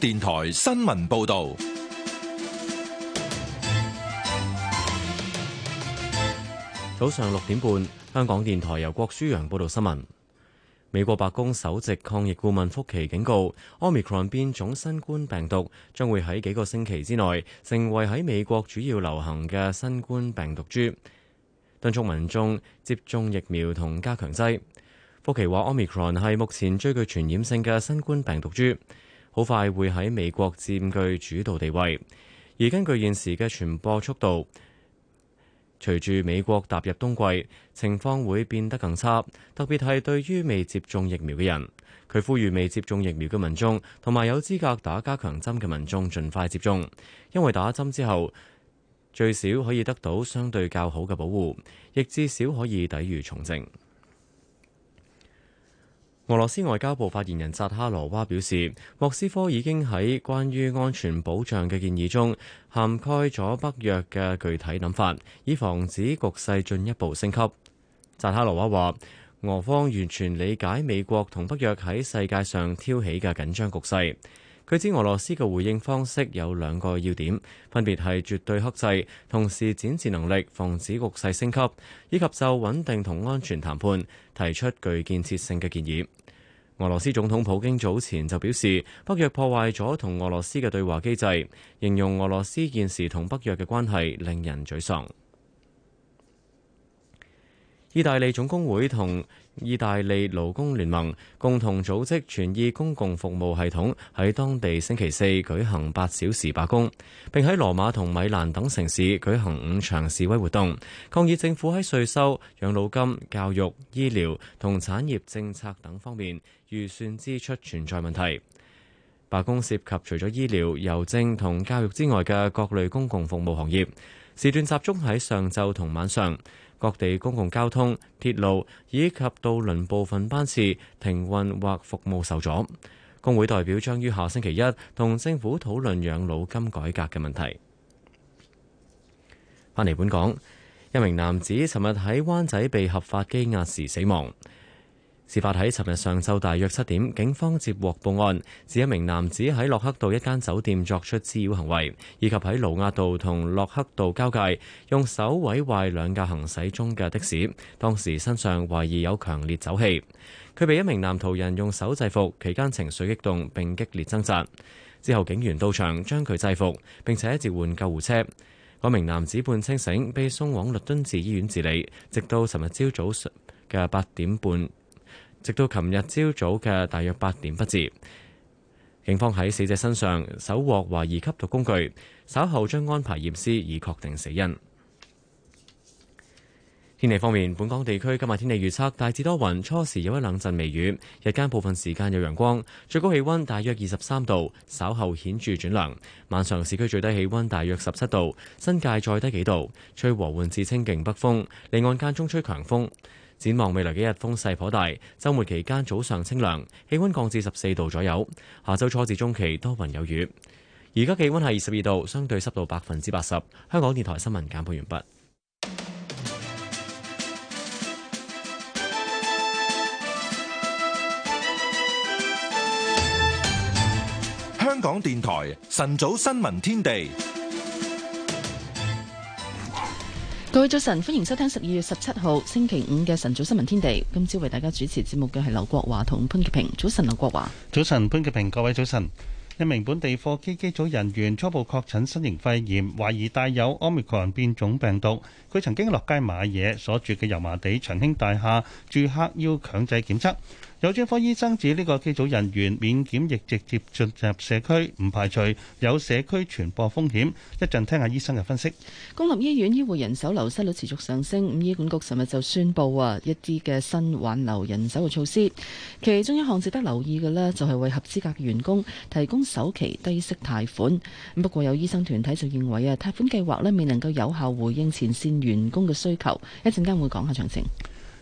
電台新聞報道，早上六點半，香港電台由郭書洋報道新聞。美國白宮首席抗疫顧問福奇警告，Omicron 變種新冠病毒將會喺幾個星期之內成為喺美國主要流行嘅新冠病毒株，敦促民眾接種疫苗同加強劑。福奇話：Omicron 係目前最具傳染性嘅新冠病毒株。好快會喺美國佔據主導地位，而根據現時嘅傳播速度，隨住美國踏入冬季，情況會變得更差。特別係對於未接種疫苗嘅人，佢呼籲未接種疫苗嘅民眾同埋有資格打加強針嘅民眾盡快接種，因為打針之後最少可以得到相對較好嘅保護，亦至少可以抵御重症。俄羅斯外交部發言人扎哈羅娃表示，莫斯科已經喺關於安全保障嘅建議中涵蓋咗北約嘅具體諗法，以防止局勢進一步升級。扎哈羅娃話，俄方完全理解美國同北約喺世界上挑起嘅緊張局勢。佢指俄羅斯嘅回應方式有兩個要點，分別係絕對克制，同時展示能力，防止局勢升級，以及就穩定同安全談判提出具建設性嘅建議。俄羅斯總統普京早前就表示，北約破壞咗同俄羅斯嘅對話機制，形容俄羅斯現時同北約嘅關係令人沮喪。意大利總工會同意大利勞工聯盟共同組織全意公共服務系統喺當地星期四舉行八小時罷工，並喺羅馬同米蘭等城市舉行五場示威活動，抗議政府喺稅收、養老金、教育、醫療同產業政策等方面預算支出存在問題。罷工涉及除咗醫療、郵政同教育之外嘅各類公共服務行業，時段集中喺上晝同晚上。各地公共交通、鐵路以及渡輪部分班次停運或服務受阻。工會代表將於下星期一同政府討論養老金改革嘅問題。翻嚟本港，一名男子尋日喺灣仔被合法羈押時死亡。事發喺尋日上晝，大約七點，警方接獲報案，指一名男子喺洛克道一間酒店作出滋擾行為，以及喺盧亞道同洛克道交界用手毀壞兩架行駛中嘅的，的士。當時身上懷疑有強烈酒氣，佢被一名男途人用手制服，期間情緒激動並激烈掙扎。之後警員到場將佢制服並且一接換救護車。嗰名男子半清醒，被送往律敦治醫院治理，直到尋日朝早嘅八點半。直到琴日朝早嘅大約八點不治，警方喺死者身上搜獲懷疑吸毒工具，稍後將安排驗屍以確定死因。天氣方面，本港地區今日天氣預測大致多雲，初時有一冷陣微雨，日間部分時間有陽光，最高氣溫大約二十三度，稍後顯著轉涼，晚上市區最低氣溫大約十七度，新界再低幾度，吹和緩至清勁北風，離岸間中吹強風。展望未來幾日風勢頗大，周末期間早上清涼，氣溫降至十四度左右。下周初至中期多雲有雨。而家氣溫係二十二度，相對濕度百分之八十。香港電台新聞簡報完畢。香港電台晨早新聞天地。各位早晨，歡迎收聽十二月十七號星期五嘅晨早新聞天地。今朝為大家主持節目嘅係劉國華同潘潔平。早晨，劉國華。早晨，潘潔平。各位早晨。一名本地貨機機組人員初步確診新型肺炎，懷疑帶有 Omicron 變種病毒。佢曾經落街買嘢，所住嘅油麻地長興大廈住客要強制檢測。有專科醫生指呢個機組人員免檢疫直接進入社區，唔排除有社區傳播風險。一陣聽下醫生嘅分析。公立醫院醫護人手流失率持續上升，咁醫管局尋日就宣布啊一啲嘅新挽留人手嘅措施，其中一項值得留意嘅呢，就係為合資格嘅員工提供首期低息貸款。不過有醫生團體就認為啊，貸款計劃咧未能夠有效回應前線員工嘅需求。一陣間會講下詳情。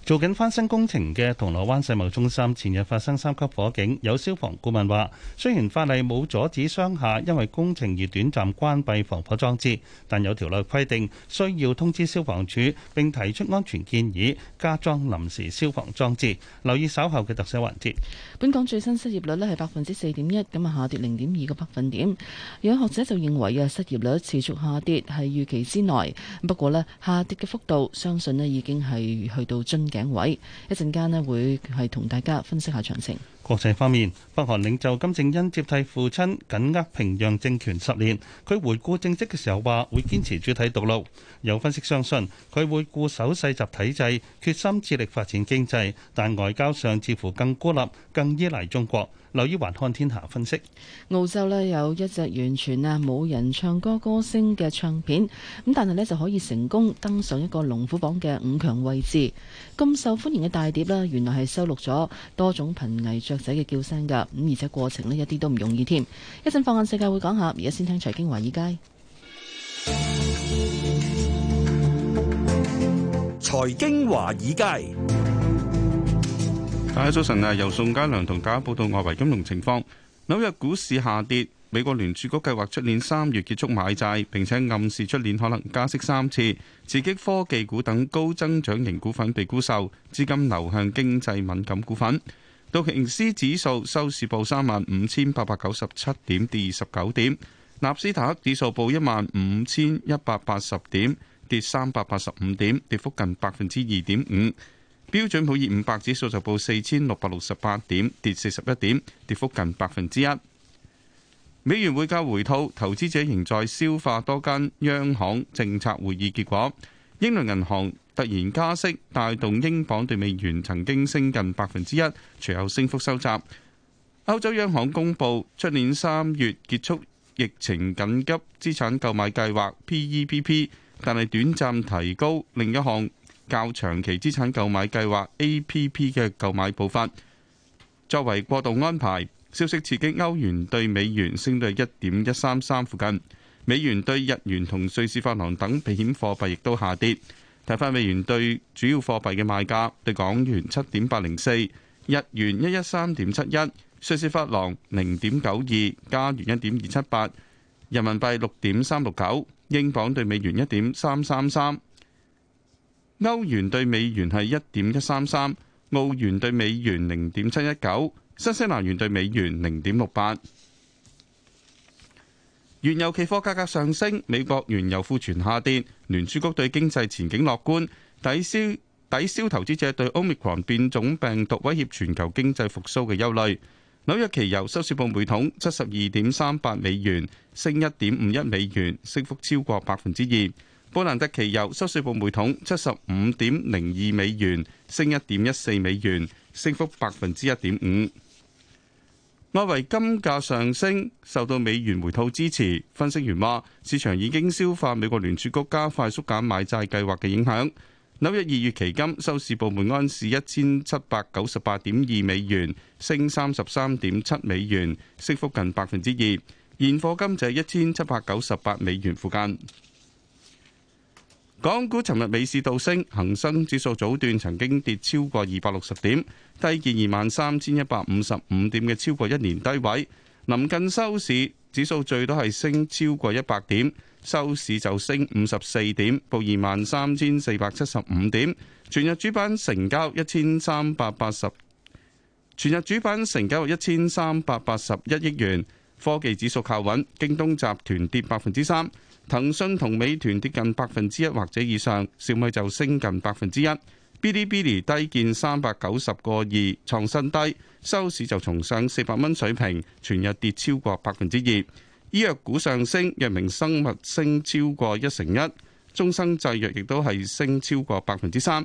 做緊翻新工程嘅銅鑼灣世貿中心前日發生三級火警，有消防顧問話，雖然法例冇阻止商廈，因為工程而短暫關閉防火裝置，但有條例規定需要通知消防處，並提出安全建議加裝臨時消防裝置。留意稍後嘅特寫環節。本港最新失業率咧係百分之四點一，咁啊下跌零點二個百分點。有學者就認為啊，失業率持續下跌係預期之內，不過咧下跌嘅幅度相信咧已經係去到樽頸位，一陣間咧會係同大家分析下詳情。國際方面，北韓領袖金正恩接替父親緊握平壤政權十年，佢回顧政績嘅時候話會堅持主體獨立。有分析相信佢會固守世襲體制，決心致力發展經濟，但外交上似乎更孤立、更依賴中國。留意環看天下分析，澳洲咧有一隻完全啊冇人唱歌歌聲嘅唱片，咁但係咧就可以成功登上一個龍虎榜嘅五強位置。咁受歡迎嘅大碟咧，原來係收錄咗多種瀕危障雀仔嘅叫聲噶，咁而且過程呢，一啲都唔容易添。一陣放眼世界會講下，而家先聽財經華爾街。財經華爾街，大家早晨啊！由宋嘉良同大家報道外圍金融情況。紐約股市下跌，美國聯儲局計劃出年三月結束買債，並且暗示出年可能加息三次，刺激科技股等高增長型股份被沽售，資金流向經濟敏感股份。道瓊斯指數收市報三萬五千八百九十七點，跌二十九點。納斯達克指數報一萬五千一百八十點，跌三百八十五點，跌幅近百分之二點五。標準普爾五百指數就報四千六百六十八點，跌四十一點，跌幅近百分之一。美元匯價回吐，投資者仍在消化多間央行政策會議結果。英倫銀行。突然加息，帶動英鎊兌美元曾經升近百分之一，隨後升幅收窄。歐洲央行公佈出年三月結束疫情緊急資產購買計劃 PEPP 但係短暫提高另一項較長期資產購買計劃 APP 嘅購買步伐，作為過渡安排。消息刺激歐元兌美元升到一點一三三附近，美元兌日元同瑞士法郎等避險貨幣亦都下跌。睇翻美元對主要貨幣嘅賣價，對港元七點八零四，日元一一三點七一，瑞士法郎零點九二，加元一點二七八，人民幣六點三六九，英鎊對美元一點三三三，歐元對美元係一點一三三，澳元對美元零點七一九，新西蘭元對美元零點六八。原油期貨價格上升，美國原油庫存下跌，聯儲局對經濟前景樂觀，抵消抵消投資者對奧密克戎變種病毒威脅全球經濟復甦嘅憂慮。紐約期油收市報每桶七十二點三八美元，升一點五一美元，升幅超過百分之二。布蘭特期油收市報每桶七十五點零二美元，升一點一四美元，升幅百分之一點五。外圍金價上升，受到美元回吐支持。分析員話，市場已經消化美國聯儲局加快縮減買債計劃嘅影響。紐約二月期金收市報每安士一千七百九十八點二美元，升三十三點七美元，升幅近百分之二。現貨金就係一千七百九十八美元附近。港股尋日尾市倒升，恒生指數早段曾經跌超過二百六十點，低見二萬三千一百五十五點嘅超過一年低位。臨近收市，指數最多係升超過一百點，收市就升五十四點，報二萬三千四百七十五點。全日主板成交一千三百八十，全日主板成交一千三百八十一億元。科技指數靠穩，京東集團跌百分之三。騰訊同美團跌近百分之一或者以上，小米就升近百分之一。Bilibili 低見三百九十個二創新低，收市就重上四百蚊水平，全日跌超過百分之二。醫藥股上升，藥明生物升超過一成一，中生製藥亦都係升超過百分之三。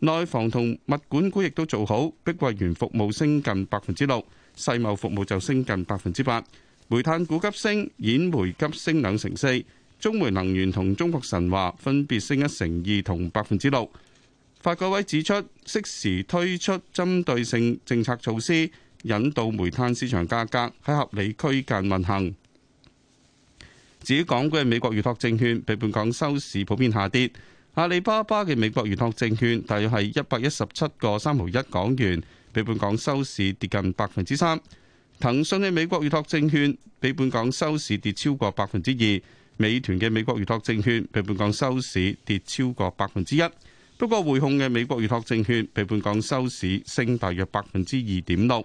內房同物管股亦都做好，碧桂園服務升近百分之六，世茂服務就升近百分之八。煤炭股急升，演煤急升兩成四。中煤能源同中國神華分別升一成二同百分之六。發改委指出，適時推出針對性政策措施，引導煤炭市場價格喺合理區間運行。至於港股嘅美國預託證券，比本港收市普遍下跌。阿里巴巴嘅美國預托證券大約係一百一十七個三毫一港元，比本港收市跌近百分之三。騰訊嘅美國預託證券比本港收市跌超過百分之二。美團嘅美國預託證券被本港收市跌超過百分之一，不過匯控嘅美國預託證券被本港收市升大約百分之二點六。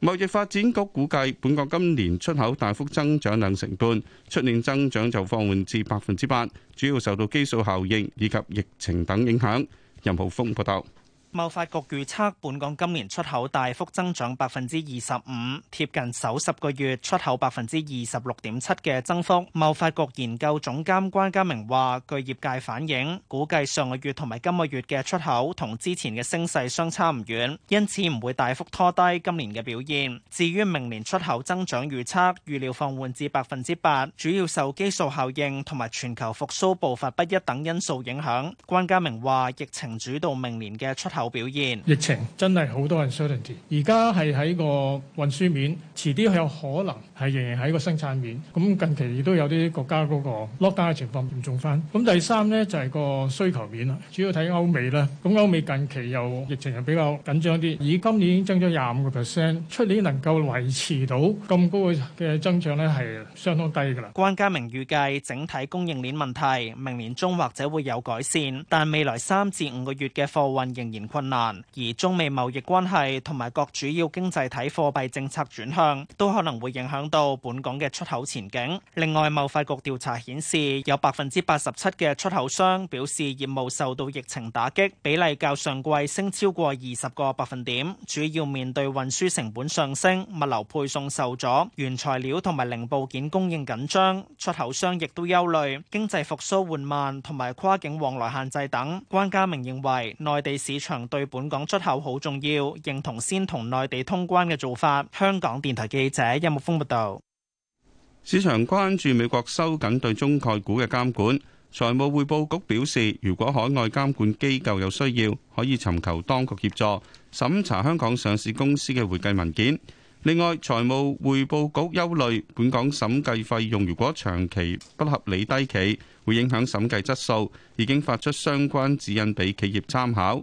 貿易發展局估計，本港今年出口大幅增長兩成半，出年增長就放緩至百分之八，主要受到基數效應以及疫情等影響。任浩峰報道。貿發局預測，本港今年出口大幅增長百分之二十五，貼近首十個月出口百分之二十六點七嘅增幅。貿發局研究總監關家明話：據業界反映，估計上個月同埋今個月嘅出口同之前嘅升勢相差唔遠，因此唔會大幅拖低今年嘅表現。至於明年出口增長預測，預料放緩至百分之八，主要受基數效應同埋全球復蘇步伐不一等因素影響。關家明話：疫情主導明年嘅出口。有表現，疫情真係好多人 certainty。而家係喺個運輸面，遲啲有可能係仍然喺個生產面。咁近期亦都有啲國家嗰個 lockdown 嘅情況嚴重翻。咁第三呢，就係個需求面啦，主要睇歐美啦。咁歐美近期又疫情又比較緊張啲，以今年已經增咗廿五個 percent，出年能夠維持到咁高嘅增長呢，係相當低㗎啦。關家明預計整體供應鏈問題明年中或者會有改善，但未來三至五個月嘅貨運仍然困難，而中美貿易關係同埋各主要經濟體貨幣政策轉向，都可能會影響到本港嘅出口前景。另外，貿發局調查顯示，有百分之八十七嘅出口商表示業務受到疫情打擊，比例較上季升超過二十個百分點。主要面對運輸成本上升、物流配送受阻、原材料同埋零部件供應緊張，出口商亦都憂慮經濟復蘇緩慢同埋跨境往來限制等。關家明認為，內地市場。對本港出口好重要，認同先同內地通關嘅做法。香港電台記者任木峰報道。市場關注美國收緊對中概股嘅監管。財務匯報局表示，如果海外監管機構有需要，可以尋求當局協助審查香港上市公司嘅會計文件。另外，財務匯報局憂慮本港審計費用如果長期不合理低企，會影響審計質素，已經發出相關指引俾企業參考。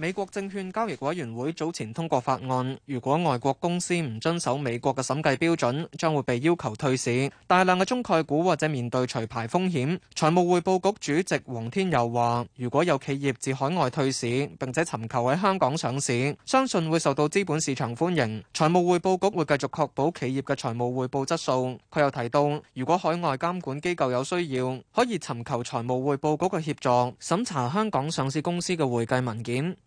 美國證券交易委員會早前通過法案，如果外國公司唔遵守美國嘅審計標準將會被要求退市。大量嘅中概股或者面對除牌風險，財務匯報局主席黃天佑話，如果有企業自海外退市並且尋求喺香港上市，相信會受到資本市場歡迎。財務匯報局會繼續確保企業嘅財務匯報質素。佢又提到，如果海外監管機構有需要，可以尋求財務匯報局嘅協助審查香港上市公司嘅會計文件。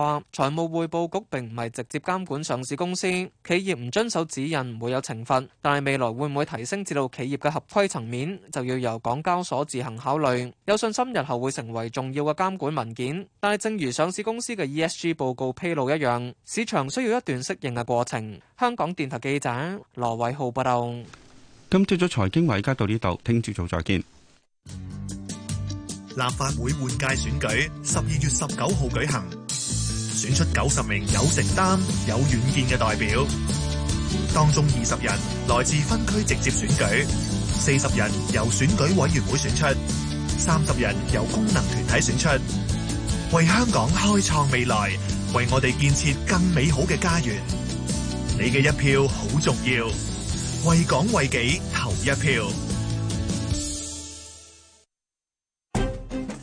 話財務匯報局並唔係直接監管上市公司，企業唔遵守指引唔會有懲罰，但係未來會唔會提升至到企業嘅合規層面，就要由港交所自行考慮。有信心日後會成為重要嘅監管文件，但係正如上市公司嘅 ESG 報告披露一樣，市場需要一段適應嘅過程。香港電台記者羅偉浩報道。今朝早財經委家到呢度，聽朝早再見。立法會換屆選舉十二月十九號舉行。選出九十名有承擔、有遠見嘅代表，當中二十人來自分區直接選舉，四十人由選舉委員會選出，三十人由功能團體選出，為香港開創未來，為我哋建設更美好嘅家園。你嘅一票好重要，為港為己投一票。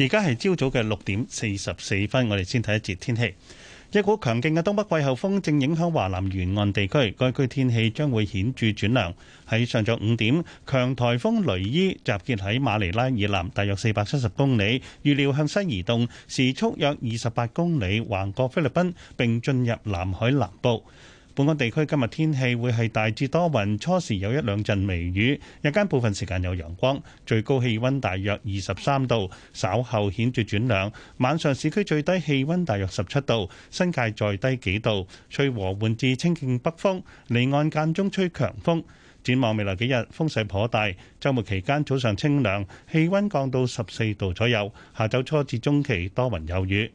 而家係朝早嘅六點四十四分，我哋先睇一節天氣。一股強勁嘅東北季候風正影響華南沿岸地區，該區天氣將會顯著轉涼。喺上晝五點，強颱風雷伊集結喺馬尼拉以南，大約四百七十公里，預料向西移動，時速約二十八公里，橫過菲律賓並進入南海南部。本港地區今日天氣會係大致多雲，初時有一兩陣微雨，日間部分時間有陽光，最高氣溫大約二十三度，稍後顯著轉涼，晚上市區最低氣溫大約十七度，新界再低幾度。吹和緩至清勁北風，離岸間中吹強風，展望未來幾日風勢頗大，周末期間早上清涼，氣溫降到十四度左右，下晝初至中期多雲有雨。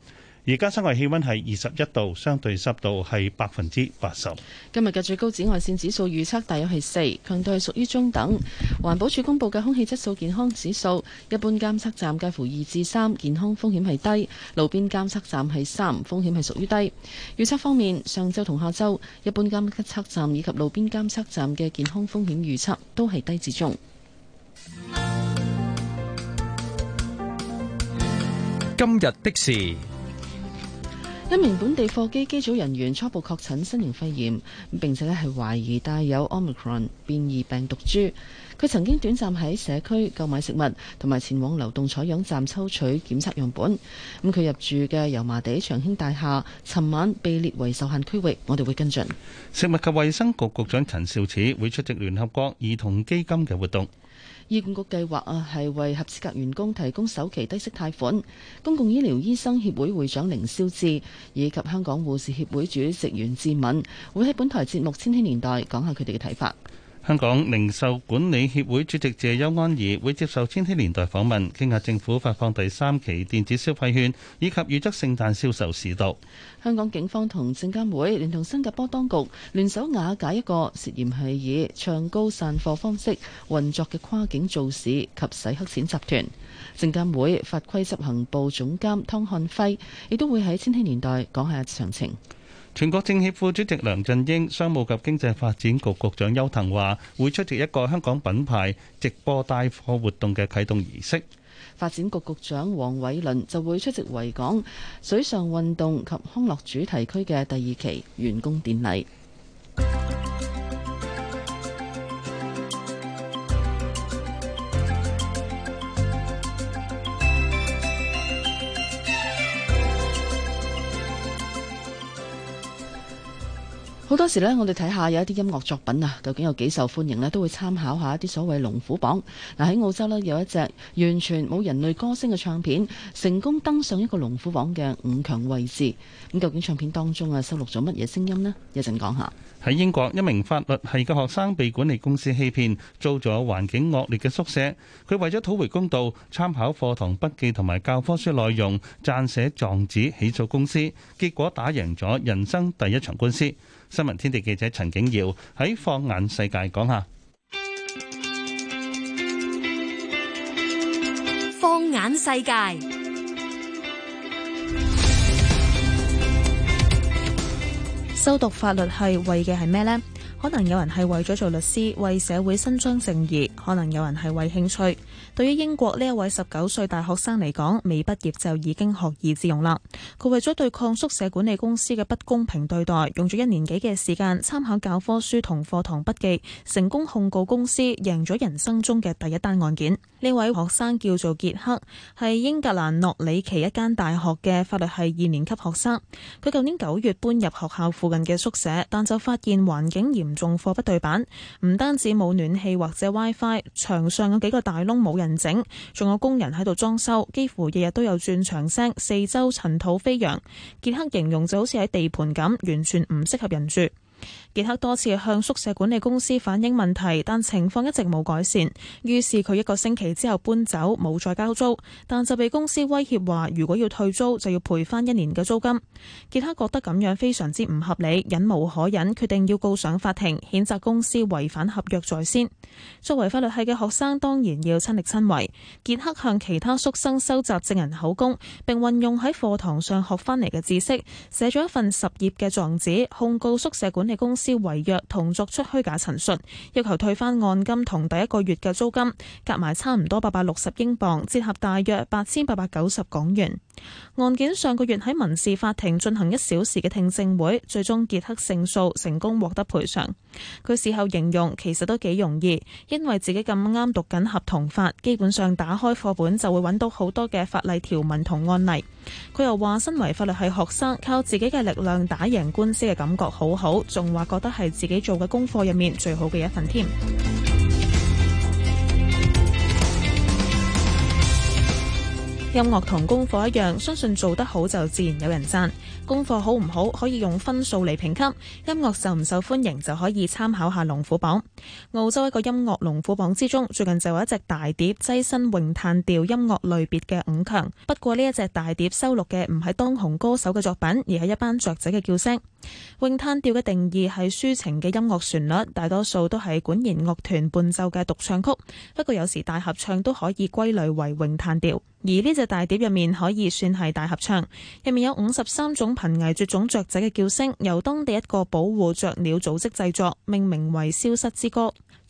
而家室外氣溫係二十一度，相對濕度係百分之八十。今日嘅最高紫外線指數預測大約係四，強度係屬於中等。環保署公布嘅空氣質素健康指數，一般監測站介乎二至三，健康風險係低；路邊監測站係三，風險係屬於低。預測方面，上週同下週一般監測站以及路邊監測站嘅健康風險預測都係低至中。今日的事。一名本地貨機機組人員初步確診新型肺炎，並且咧係懷疑帶有 Omicron 變異病毒株。佢曾經短暫喺社區購買食物，同埋前往流動採樣站抽取檢測樣本。咁佢入住嘅油麻地長興大廈，尋晚被列為受限區域。我哋會跟進。食物及衛生局局長陳肇始會出席聯合國兒童基金嘅活動。醫管局計劃啊，係為合資格員工提供首期低息貸款。公共醫療醫生協會會長凌霄志以及香港護士協會主席袁志敏會喺本台節目《千禧年代》講下佢哋嘅睇法。香港零售管理協會主席謝邱安儀，會接受千禧年代訪問，傾下政府發放第三期電子消費券，以及預測聖誕銷售市道。香港警方同證監會連同新加坡當局聯手瓦解一個涉嫌係以唱高散貨方式運作嘅跨境造市及洗黑錢集團，證監會法規執行部總監湯漢輝亦都會喺千禧年代講下詳情。全國政協副主席梁振英、商務及經濟發展局局長邱騰華，會出席一個香港品牌直播帶貨活動嘅啟動儀式。發展局局長黃偉綸就會出席維港水上運動及康樂主題區嘅第二期完工典禮。好多時呢，我哋睇下有一啲音樂作品啊，究竟有幾受歡迎呢，都會參考下一啲所謂龍虎榜嗱。喺澳洲呢，有一隻完全冇人類歌聲嘅唱片，成功登上一個龍虎榜嘅五強位置。咁究竟唱片當中啊，收錄咗乜嘢聲音呢？一陣講下。喺英國，一名法律系嘅學生被管理公司欺騙，租咗環境惡劣嘅宿舍。佢為咗討回公道，參考課堂筆記同埋教科書內容，撰寫狀紙起訴公司。結果打贏咗人生第一場官司。新聞天地記者陳景耀喺放眼世界講下，放眼世界，修讀法律系為嘅係咩呢？可能有人係為咗做律師，為社會伸張正義，可能有人係為興趣。對於英國呢一位十九歲大學生嚟講，未畢業就已經學以致用啦。佢為咗對抗宿舍管理公司嘅不公平對待，用咗一年幾嘅時間參考教科書同課堂筆記，成功控告公司，贏咗人生中嘅第一單案件。呢位學生叫做傑克，係英格蘭諾里奇一間大學嘅法律系二年級學生。佢舊年九月搬入學校附近嘅宿舍，但就發現環境嚴重貨不對板。唔單止冇暖氣或者 WiFi，牆上有幾個大窿冇人整，仲有工人喺度裝修，幾乎日日都有鑽牆聲，四周塵土飛揚。傑克形容就好似喺地盤咁，完全唔適合人住。傑克多次向宿舍管理公司反映問題，但情況一直冇改善。於是佢一個星期之後搬走，冇再交租。但就被公司威脅話，如果要退租就要賠翻一年嘅租金。傑克覺得咁樣非常之唔合理，忍無可忍，決定要告上法庭，譴責公司違反合約在先。作為法律系嘅學生，當然要親力親為。傑克向其他宿生收集證人口供，並運用喺課堂上學翻嚟嘅知識，寫咗一份十頁嘅狀紙控告宿舍管理公司。遭違約同作出虛假陳述，要求退翻按金同第一個月嘅租金，夾埋差唔多八百六十英鎊，折合大約八千八百九十港元。案件上個月喺民事法庭進行一小時嘅聽證會，最終傑克勝訴，成功獲得賠償。佢事後形容其實都幾容易，因為自己咁啱讀緊合同法，基本上打開課本就會揾到好多嘅法例條文同案例。佢又話身為法律系學生，靠自己嘅力量打贏官司嘅感覺好好，仲話覺得係自己做嘅功課入面最好嘅一份添。音樂同功課一樣，相信做得好就自然有人讚。功課好唔好可以用分數嚟評級，音樂受唔受歡迎就可以參考下龍虎榜。澳洲一個音樂龍虎榜之中，最近就有一隻大碟躋身詠嘆調音樂類別嘅五強。不過呢一隻大碟收錄嘅唔係當紅歌手嘅作品，而係一班雀仔嘅叫聲。詠嘆調嘅定義係抒情嘅音樂旋律，大多數都係管弦樂團伴奏嘅獨唱曲，不過有時大合唱都可以歸類為詠嘆調。而呢隻大碟入面可以算係大合唱，入面有五十三種瀕危絕種雀仔嘅叫聲，由當地一個保護雀鳥組織製作，命名為《消失之歌》。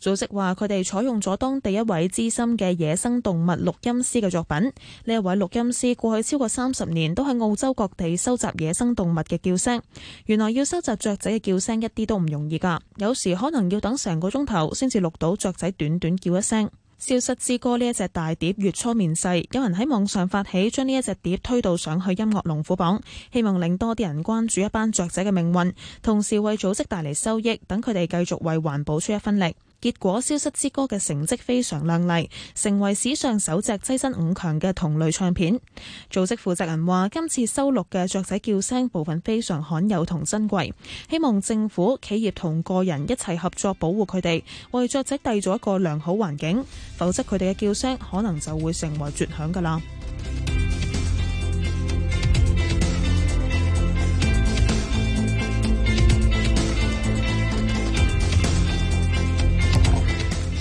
組織話，佢哋採用咗當地一位資深嘅野生動物錄音師嘅作品。呢一位錄音師過去超過三十年都喺澳洲各地收集野生動物嘅叫聲。原來要收集雀仔嘅叫聲一啲都唔容易噶，有時可能要等成個鐘頭先至錄到雀仔短短叫一聲。消失之歌呢一隻大碟月初面世，有人喺網上發起將呢一隻碟推到上去音樂龍虎榜，希望令多啲人關注一班雀仔嘅命運，同時為組織帶嚟收益，等佢哋繼續為環保出一分力。結果消失之歌嘅成績非常亮麗，成為史上首隻躋身五強嘅同類唱片。組織負責人話：今次收錄嘅雀仔叫聲部分非常罕有同珍貴，希望政府、企業同個人一齊合作保護佢哋，為雀仔締造一個良好環境。否則佢哋嘅叫聲可能就會成為絕響㗎喇。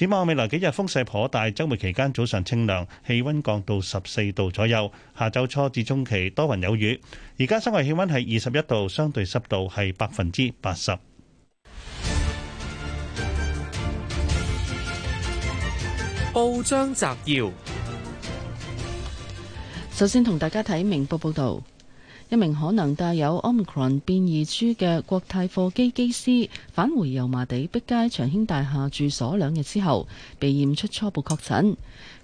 展望未來幾日風勢頗大，週末期間早上清涼，氣溫降到十四度左右。下週初至中期多雲有雨。而家室外氣溫係二十一度，相對濕度係百分之八十。報章摘要，首先同大家睇明報報道。一名可能帶有 omicron 變異株嘅國泰貨機機師返回油麻地碧街長興大廈住所兩日之後，被驗出初步確診。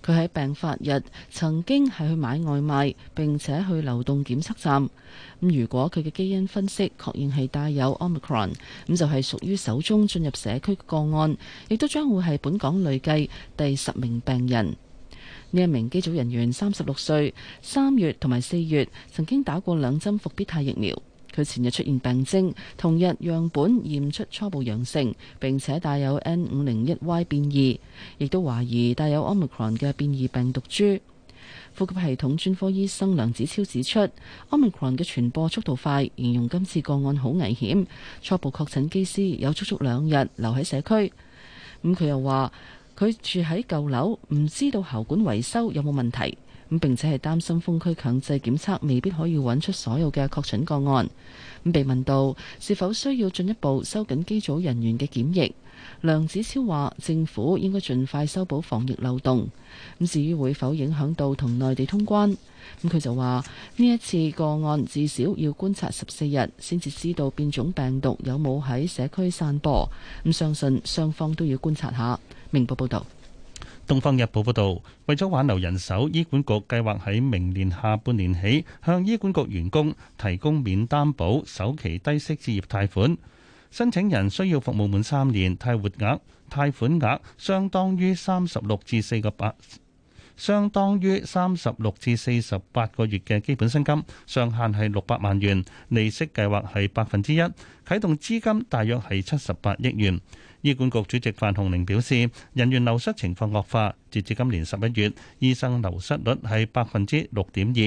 佢喺病發日曾經係去買外賣，並且去流動檢測站。咁如果佢嘅基因分析確認係帶有 omicron，咁就係屬於首宗進入社區個案，亦都將會係本港累計第十名病人。呢一名機組人員三十六歲，三月同埋四月曾經打過兩針復必泰疫苗。佢前日出現病徵，同日樣本驗出初步陽性，並且帶有 N 五零一 Y 變異，亦都懷疑帶有 omicron 嘅變異病毒株。呼吸系統專科醫生梁子超指出，omicron 嘅傳播速度快，形容今次個案好危險。初步確診機師有足足兩日留喺社區。咁、嗯、佢又話。佢住喺舊樓，唔知道喉管維修有冇問題咁，並且係擔心封區強制檢測未必可以揾出所有嘅確診個案咁。被問到是否需要進一步收緊機組人員嘅檢疫，梁子超話：政府應該盡快修補防疫漏洞咁。至於會否影響到同內地通關咁，佢就話呢一次個案至少要觀察十四日先至知道變種病毒有冇喺社區散播咁，相信雙方都要觀察下。明報報道，東方日報報道，為咗挽留人手，醫管局計劃喺明年下半年起，向醫管局員工提供免擔保、首期低息置業貸款。申請人需要服務滿三年，貸款額，貸款額相當於三十六至四十八，相當於三十六至四十八個月嘅基本薪金，上限係六百萬元，利息計劃係百分之一，啟動資金大約係七十八億元。醫管局主席范鴻齡表示，人員流失情況惡化。截至今年十一月，醫生流失率係百分之六點二，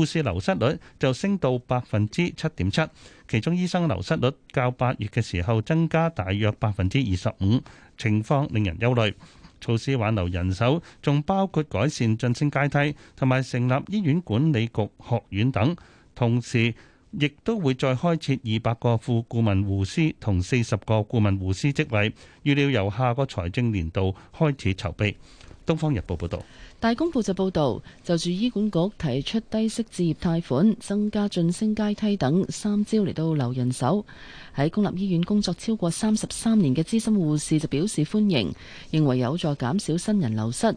護士流失率就升到百分之七點七。其中醫生流失率較八月嘅時候增加大約百分之二十五，情況令人憂慮。措施挽留人手，仲包括改善晉升階梯，同埋成立醫院管理局學院等。同時亦都會再開設二百個副顧問護師同四十個顧問護師職位，預料由下個財政年度開始籌備。《東方日報》報道，大公報就報道，就住醫管局提出低息置業貸款、增加晉升階梯等三招嚟到留人手。喺公立醫院工作超過三十三年嘅資深護士就表示歡迎，認為有助減少新人流失。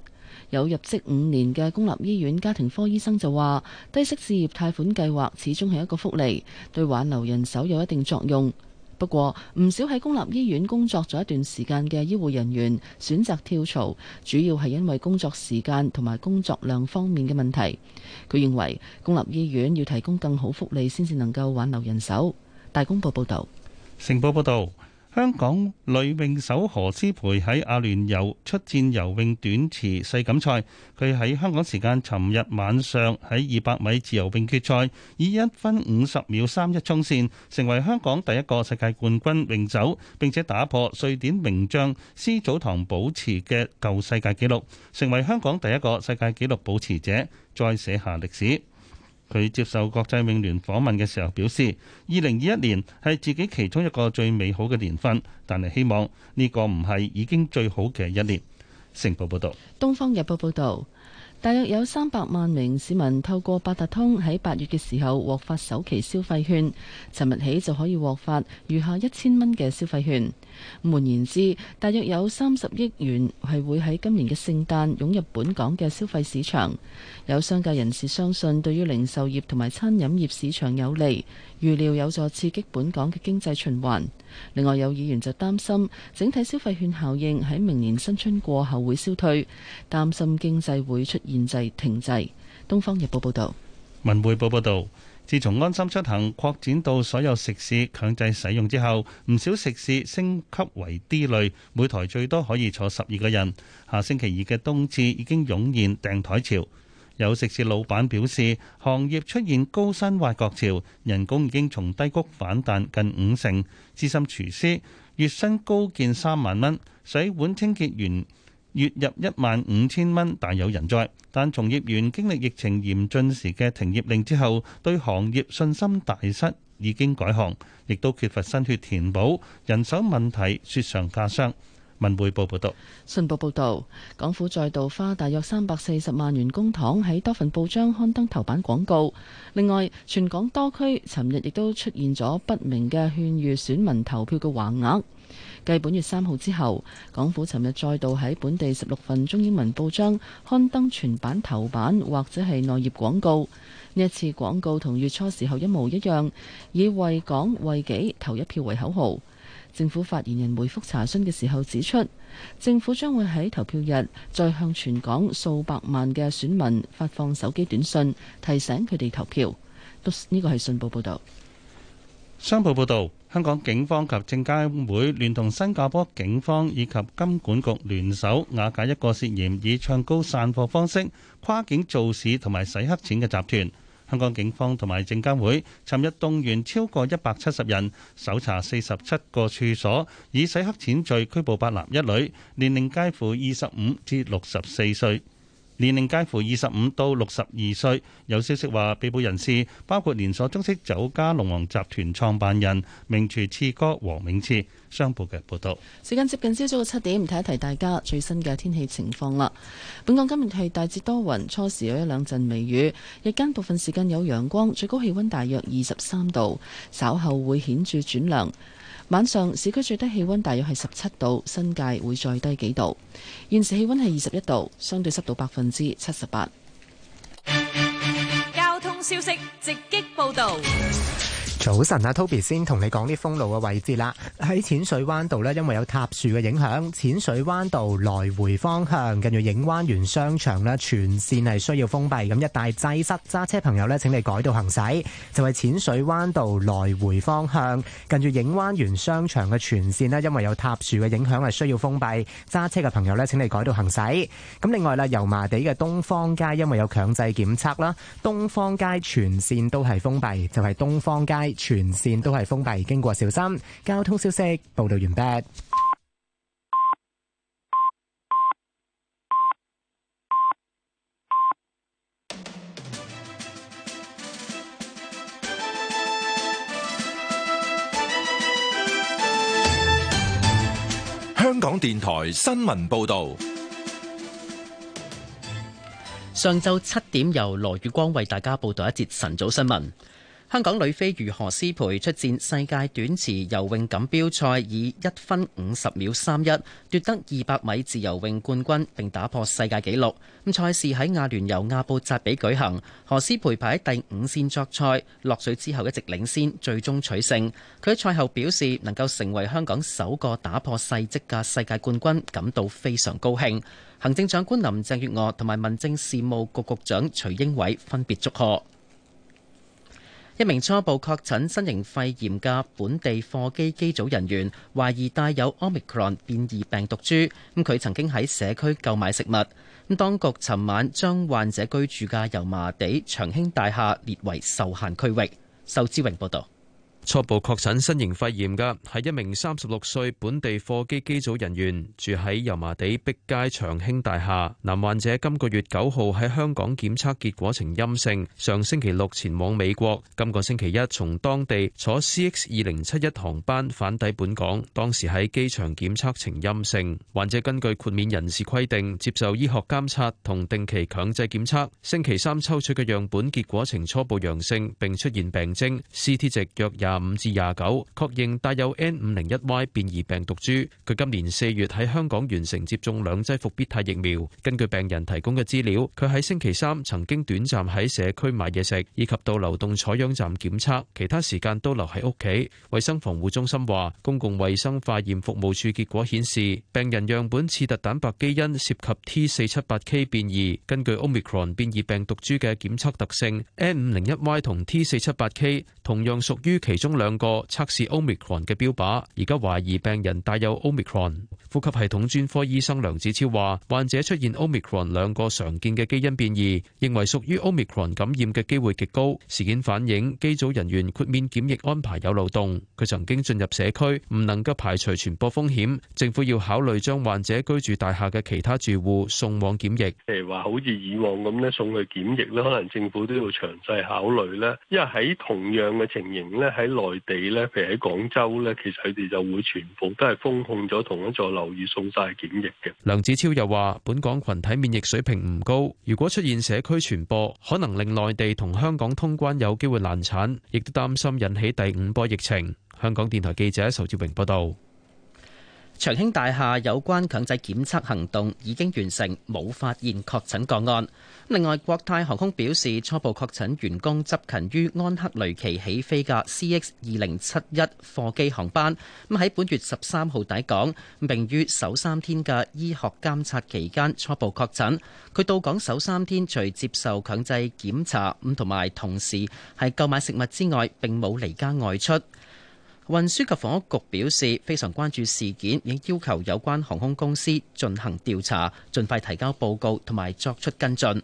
有入職五年嘅公立醫院家庭科醫生就話：低息事業貸款計劃始終係一個福利，對挽留人手有一定作用。不過，唔少喺公立醫院工作咗一段時間嘅醫護人員選擇跳槽，主要係因為工作時間同埋工作量方面嘅問題。佢認為公立醫院要提供更好福利，先至能夠挽留人手。大公報報道。成報報導。香港女泳手何詩蓓喺阿聯酋出戰游泳短池世錦賽，佢喺香港時間尋日晚上喺二百米自由泳決賽，以一分五十秒三一衝線，成為香港第一個世界冠軍泳手，並且打破瑞典名將斯祖堂保持嘅舊世界紀錄，成為香港第一個世界紀錄保持者，再寫下歷史。佢接受國際泳聯訪問嘅時候表示，二零二一年係自己其中一個最美好嘅年份，但係希望呢個唔係已經最好嘅一年。成報報道。東方日報報道，大約有三百萬名市民透過八達通喺八月嘅時候獲發首期消費券，尋日起就可以獲發餘下一千蚊嘅消費券。換言之，大約有三十億元係會喺今年嘅聖誕湧入本港嘅消費市場。有商界人士相信，對於零售業同埋餐飲業市場有利，預料有助刺激本港嘅經濟循環。另外，有議員就擔心整體消費券效應喺明年新春過後會消退，擔心經濟會出現滯停滯。《東方日報》報道。《文匯報》報道。自從安心出行擴展到所有食肆強制使用之後，唔少食肆升級為 D 類，每台最多可以坐十二個人。下星期二嘅冬至已經湧現訂台潮，有食肆老闆表示，行業出現高薪挖角潮，人工已經從低谷反彈近五成，資深廚師月薪高見三萬蚊，洗碗清潔員，月入一萬五千蚊，大有人在。但從業員經歷疫情嚴峻時嘅停業令之後，對行業信心大失，已經改行，亦都缺乏新血填補，人手問題雪上加霜。文匯報報道，信報報道，港府再度花大約三百四十萬元公帑喺多份報章刊登頭版廣告。另外，全港多區尋日亦都出現咗不明嘅勸喻選民投票嘅橫額。繼本月三號之後，港府尋日再度喺本地十六份中英文報章刊登全版頭版或者係內頁廣告。呢一次廣告同月初時候一模一樣，以為港為己投一票為口號。政府發言人回覆查詢嘅時候指出，政府將會喺投票日再向全港數百萬嘅選民發放手機短信，提醒佢哋投票。呢個係信報報道。商報報道，香港警方及證監會聯同新加坡警方以及金管局聯手瓦解一個涉嫌以唱高散貨方式跨境造市同埋洗黑錢嘅集團。香港警方同埋證監會尋日動員超過一百七十人，搜查四十七個處所，以洗黑錢罪拘捕八男一女，年齡介乎二十五至六十四歲。年齡介乎二十五到六十二歲，有消息話被捕人士包括連鎖中式酒家龍王集團創辦人、名廚刺哥黃永志。商報嘅報道。時間接近朝早嘅七點，睇一睇大家最新嘅天氣情況啦。本港今日係大致多雲，初時有一兩陣微雨，日間部分時間有陽光，最高氣温大約二十三度，稍後會顯著轉涼。晚上市區最低氣溫大約係十七度，新界會再低幾度。現時氣溫係二十一度，相對濕度百分之七十八。交通消息直擊報導。早晨啊，Toby 先同你講啲封路嘅位置啦。喺淺水灣道呢，因為有塌樹嘅影響，淺水灣道來回方向近住影灣園商場呢，全綫係需要封閉，咁一帶擠塞，揸車朋友呢，請你改道行駛。就係淺水灣道來回方向近住影灣園商場嘅全綫呢，因為有塌樹嘅影響係需要封閉，揸車嘅朋友呢，請你改道行駛。咁另外啦，油麻地嘅東方街因為有強制檢測啦，東方街全綫都係封閉，就係東方街。全線都係封閉，經過小心，交通消息報道完畢。香港電台新聞報道，上晝七點由羅宇光為大家報道一節晨早新聞。香港女飛魚何詩蓓出戰世界短池游泳錦標賽，以一分五十秒三一奪得二百米自由泳冠軍，並打破世界紀錄。咁賽事喺阿聯酋阿布扎比舉行，何詩蓓排喺第五線作賽，落水之後一直領先，最終取勝。佢喺賽後表示，能夠成為香港首個打破世績嘅世界冠軍，感到非常高興。行政長官林鄭月娥同埋民政事務局局長徐英偉分別祝賀。一名初步確診新型肺炎嘅本地貨機機組人員，懷疑帶有 Omicron 變異病毒株，咁佢曾經喺社區購買食物，咁當局尋晚將患者居住嘅油麻地長興大廈列為受限區域。仇志榮報道。初步確診新型肺炎嘅係一名三十六歲本地貨機機組人員，住喺油麻地碧街長興大廈。男患者今個月九號喺香港檢測結果呈陰性，上星期六前往美國，今個星期一從當地坐 CX 二零七一航班返抵本港，當時喺機場檢測呈陰性。患者根據豁免人士規定接受醫學監察同定期強制檢測，星期三抽取嘅樣本結果呈初步陽性，並出現病徵，C T 值約廿。五至廿九，確認帶有 N 五零一 Y 變異病毒株。佢今年四月喺香港完成接種兩劑復必泰疫苗。根據病人提供嘅資料，佢喺星期三曾經短暫喺社區買嘢食，以及到流動採樣站檢測，其他時間都留喺屋企。衞生防護中心話，公共衞生化驗服務處結果顯示，病人樣本刺突蛋白基因涉及 T 四七八 K 變異。根據 Omicron 變異病毒株嘅檢測特性，N 五零一 Y 同 T 四七八 K 同樣屬於其中中兩個測試 Omicron 嘅標靶，而家懷疑病人帶有 Omicron。呼吸系統專科醫生梁子超話：患者出現 Omicron 兩個常見嘅基因變異，認為屬於 Omicron 感染嘅機會極高。事件反映機組人員豁免檢疫安排有漏洞。佢曾經進入社區，唔能夠排除傳播風險。政府要考慮將患者居住大廈嘅其他住戶送往檢疫。譬如話好似以往咁咧，送去檢疫咧，可能政府都要詳細考慮咧。因為喺同樣嘅情形咧，喺內地咧，譬如喺廣州咧，其實佢哋就會全部都係封控咗同一座樓。有意送曬檢疫嘅梁子超又話本港群體免疫水平唔高，如果出現社區傳播，可能令內地同香港通關有機會難產，亦都擔心引起第五波疫情。香港電台記者仇志榮報道。長興大廈有關強制檢測行動已經完成，冇發現確診個案。另外，國泰航空表示，初步確診員工執勤於安克雷奇起飛嘅 CX 二零七一貨機航班，咁喺本月十三號抵港，并於首三天嘅醫學監察期間初步確診。佢到港首三天除接受強制檢查，咁同埋同時係購買食物之外，並冇離家外出。運輸及房屋局表示非常關注事件，已要求有關航空公司進行調查，盡快提交報告同埋作出跟進。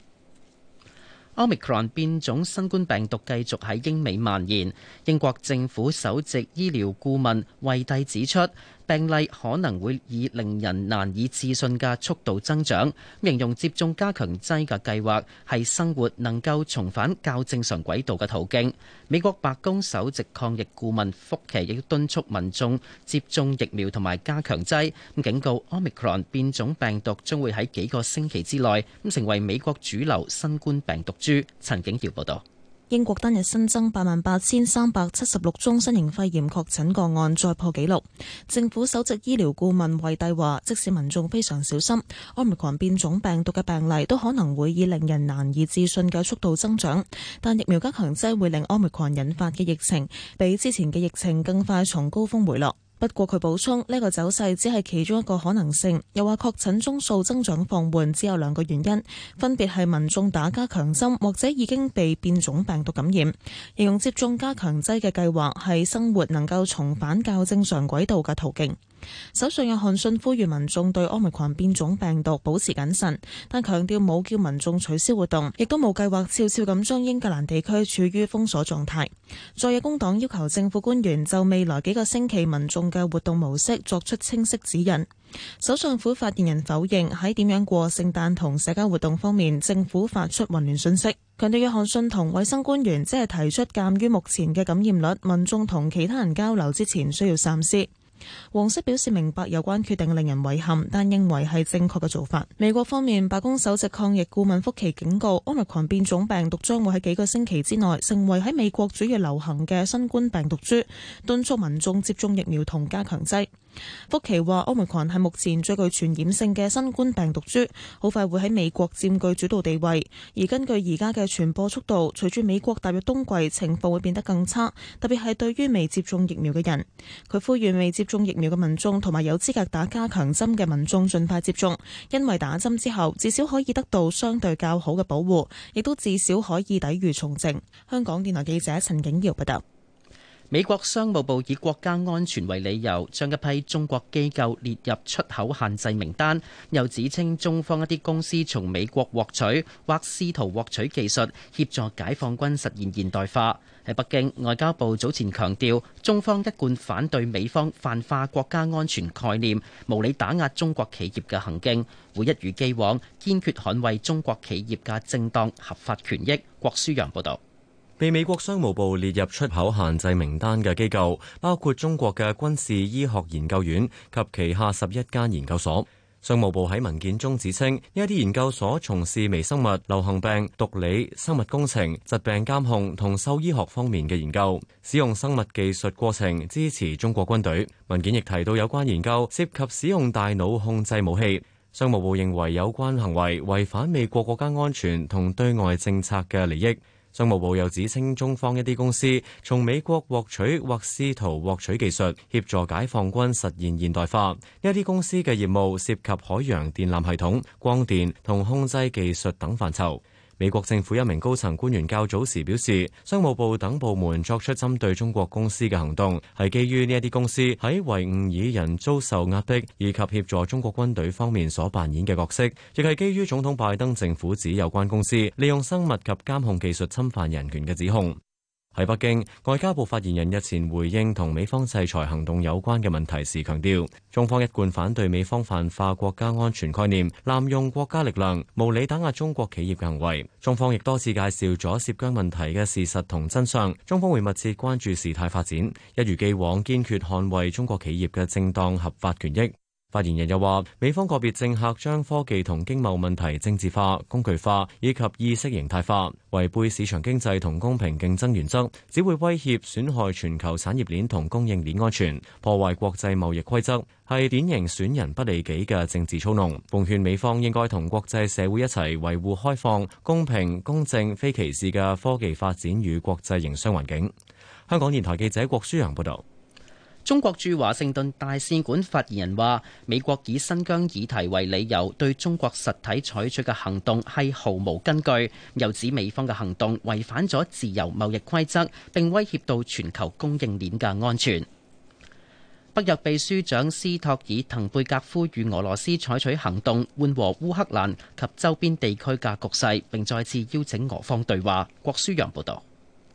Omicron 變種新冠病毒繼續喺英美蔓延，英國政府首席醫療顧問惠蒂指出，病例可能會以令人難以置信嘅速度增長，形容接種加強劑嘅計劃係生活能夠重返較正常軌道嘅途徑。美國白宮首席抗疫顧問福奇亦敦促民眾接種疫苗同埋加強劑，警告 Omicron 變種病毒將會喺幾個星期之內成為美國主流新冠病毒株。陳景耀報道。英國單日新增八萬八千三百七十六宗新型肺炎確診個案，再破紀錄。政府首席醫療顧問惠蒂話，即使民眾非常小心，奧密克戎變種病毒嘅病例都可能會以令人難以置信嘅速度增長。但疫苗加強劑會令奧密克戎引發嘅疫情，比之前嘅疫情更快從高峰回落。不過佢補充，呢個走勢只係其中一個可能性。又話確診宗數增長放緩，只有兩個原因，分別係民眾打加強針或者已經被變種病毒感染。形容接種加強劑嘅計劃係生活能夠重返較正常軌道嘅途徑。首相約翰遜呼籲民眾對 Omicron 變種病毒保持謹慎，但強調冇叫民眾取消活動，亦都冇計劃悄悄咁將英格蘭地區處於封鎖狀態。在野工黨要求政府官員就未來幾個星期民眾嘅活動模式作出清晰指引。首相府發言人否認喺點樣過聖誕同社交活動方面政府發出混亂信息，強調約翰遜同衛生官員只係提出，鑒於目前嘅感染率，民眾同其他人交流之前需要三思。黃色表示明白有關決定令人遺憾，但認為係正確嘅做法。美國方面，白宮首席抗疫顧問福奇警告，Omicron 變種病毒將會喺幾個星期之內成為喺美國主要流行嘅新冠病毒株，敦促民眾接種疫苗同加強劑。福奇話，Omicron 係目前最具傳染性嘅新冠病毒株，好快會喺美國佔據主導地位。而根據而家嘅傳播速度，隨住美國踏入冬季，情況會變得更差，特別係對於未接種疫苗嘅人。佢呼籲未接種疫苗嘅民眾同埋有資格打加強針嘅民眾盡快接種，因為打針之後至少可以得到相對較好嘅保護，亦都至少可以抵御重症。香港電台記者陳景瑤報道。美國商務部以國家安全為理由，將一批中國機構列入出口限制名單，又指稱中方一些公司從美國獲取或試圖獲取技術協助解放軍實現現代化。喺北京，外交部早前強調，中方一貫反對美方泛化國家安全概念、無理打壓中國企業的行徑，會一如既往堅決捍衛中國企業的正當合法權益。郭舒陽報導。被美國商務部列入出口限制名單嘅機構，包括中國嘅軍事醫學研究院及旗下十一間研究所。商務部喺文件中指稱，呢一啲研究所從事微生物、流行病、毒理、生物工程、疾病監控同獸醫學方面嘅研究，使用生物技術過程支持中國軍隊。文件亦提到有關研究涉及使用大腦控制武器。商務部認為有關行為違反美國國家安全同對外政策嘅利益。商務部又指稱中方一啲公司從美國獲取或試圖獲取技術，協助解放軍實現現代化。呢一啲公司嘅業務涉及海洋電纜系統、光電同控制技術等範疇。美國政府一名高層官員較早時表示，商務部等部門作出針對中國公司嘅行動，係基於呢一啲公司喺維吾爾人遭受壓迫以及協助中國軍隊方面所扮演嘅角色，亦係基於總統拜登政府指有關公司利用生物及監控技術侵犯人權嘅指控。喺北京，外交部發言人日前回應同美方制裁行動有關嘅問題時，強調中方一貫反對美方泛化國家安全概念、濫用國家力量、無理打壓中國企業嘅行為。中方亦多次介紹咗涉疆問題嘅事實同真相。中方會密切關注事態發展，一如既往堅決捍衛中國企業嘅正當合法權益。發言人又話：美方個別政客將科技同經貿問題政治化、工具化以及意識形態化，違背市場經濟同公平競爭原則，只會威脅、損害全球產業鏈同供應鏈安全，破壞國際貿易規則，係典型損人不利己嘅政治操弄。奉勸美方應該同國際社會一齊維護開放、公平、公正、非歧視嘅科技發展與國際營商環境。香港電台記者郭舒洋報道。中國駐華盛頓大使館發言人話：，美國以新疆議題為理由對中國實體採取嘅行動係毫無根據，又指美方嘅行動違反咗自由貿易規則，並威脅到全球供應鏈嘅安全。北約秘書長斯托爾滕貝格呼籲俄羅斯採取行動緩和烏克蘭及周邊地區嘅局勢，並再次邀請俄方對話。郭書洋報道。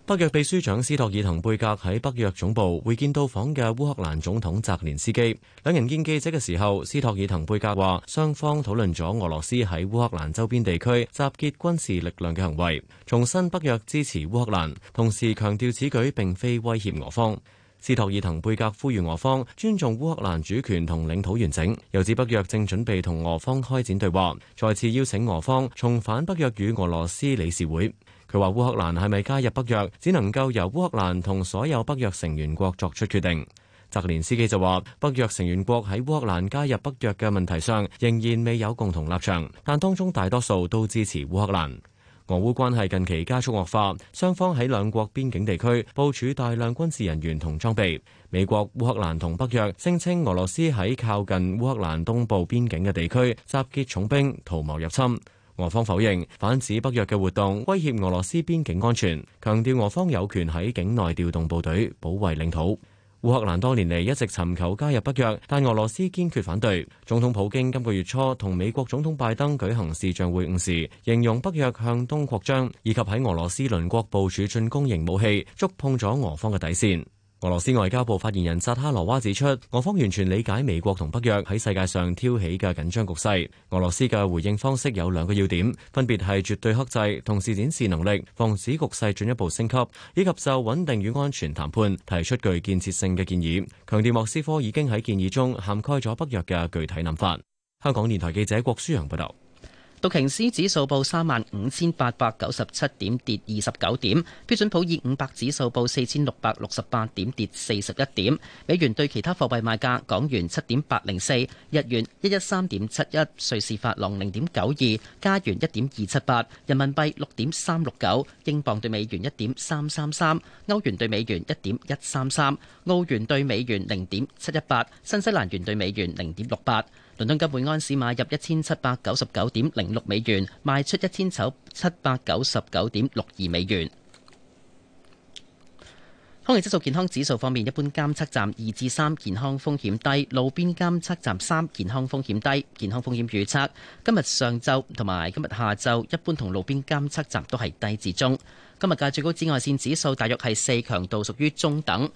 北約秘書長斯托爾滕貝格喺北約總部會見到訪嘅烏克蘭總統澤連斯基，兩人見記者嘅時候，斯托爾滕貝格話：雙方討論咗俄羅斯喺烏克蘭周邊地區集結軍事力量嘅行為，重申北約支持烏克蘭，同時強調此舉並非威脅俄方。斯托爾滕貝格呼籲俄方尊重烏克蘭主權同領土完整，又指北約正準備同俄方開展對話，再次邀請俄方重返北約與俄羅斯理事會。佢話烏克蘭係咪加入北約，只能夠由烏克蘭同所有北約成員國作出決定。澤連斯基就話，北約成員國喺烏克蘭加入北約嘅問題上，仍然未有共同立場，但當中大多數都支持烏克蘭。俄烏關係近期加速惡化，雙方喺兩國邊境地區部署大量軍事人員同裝備。美國、烏克蘭同北約聲稱，俄羅斯喺靠近烏克蘭東部邊境嘅地區集結重兵，圖謀入侵。俄方否認，反指北約嘅活動威脅俄羅斯邊境安全，強調俄方有權喺境內調動部隊保衛領土。烏克蘭多年嚟一直尋求加入北約，但俄羅斯堅決反對。總統普京今個月初同美國總統拜登舉行視像會晤時，形容北約向東擴張，以及喺俄羅斯鄰國部署進攻型武器，觸碰咗俄方嘅底線。俄羅斯外交部發言人扎哈羅娃指出，俄方完全理解美國同北約喺世界上挑起嘅緊張局勢。俄羅斯嘅回應方式有兩個要點，分別係絕對克制同時展示能力，防止局勢進一步升級，以及就穩定與安全談判提出具建設性嘅建議。強調莫斯科已經喺建議中涵蓋咗北約嘅具體諗法。香港電台記者郭舒陽報道。道瓊斯指數報三萬五千八百九十七點，跌二十九點；標準普爾五百指數報四千六百六十八點，跌四十一點。美元對其他貨幣賣價：港元七點八零四，日元一一三點七一，瑞士法郎零點九二，加元一點二七八，人民幣六點三六九，英鎊對美元一點三三三，歐元對美元一點一三三，澳元對美元零點七一八，新西蘭元對美元零點六八。倫敦金每安士買入一千七百九十九點零六美元，賣出一千七百九十九點六二美元。空氣質素健康指數方面，一般監測站二至三，健康風險低；路邊監測站三，健康風險低。健康風險預測：今日上晝同埋今日下晝，一般同路邊監測站都係低至中。今日嘅最高紫外線指數大約係四，強度屬於中等。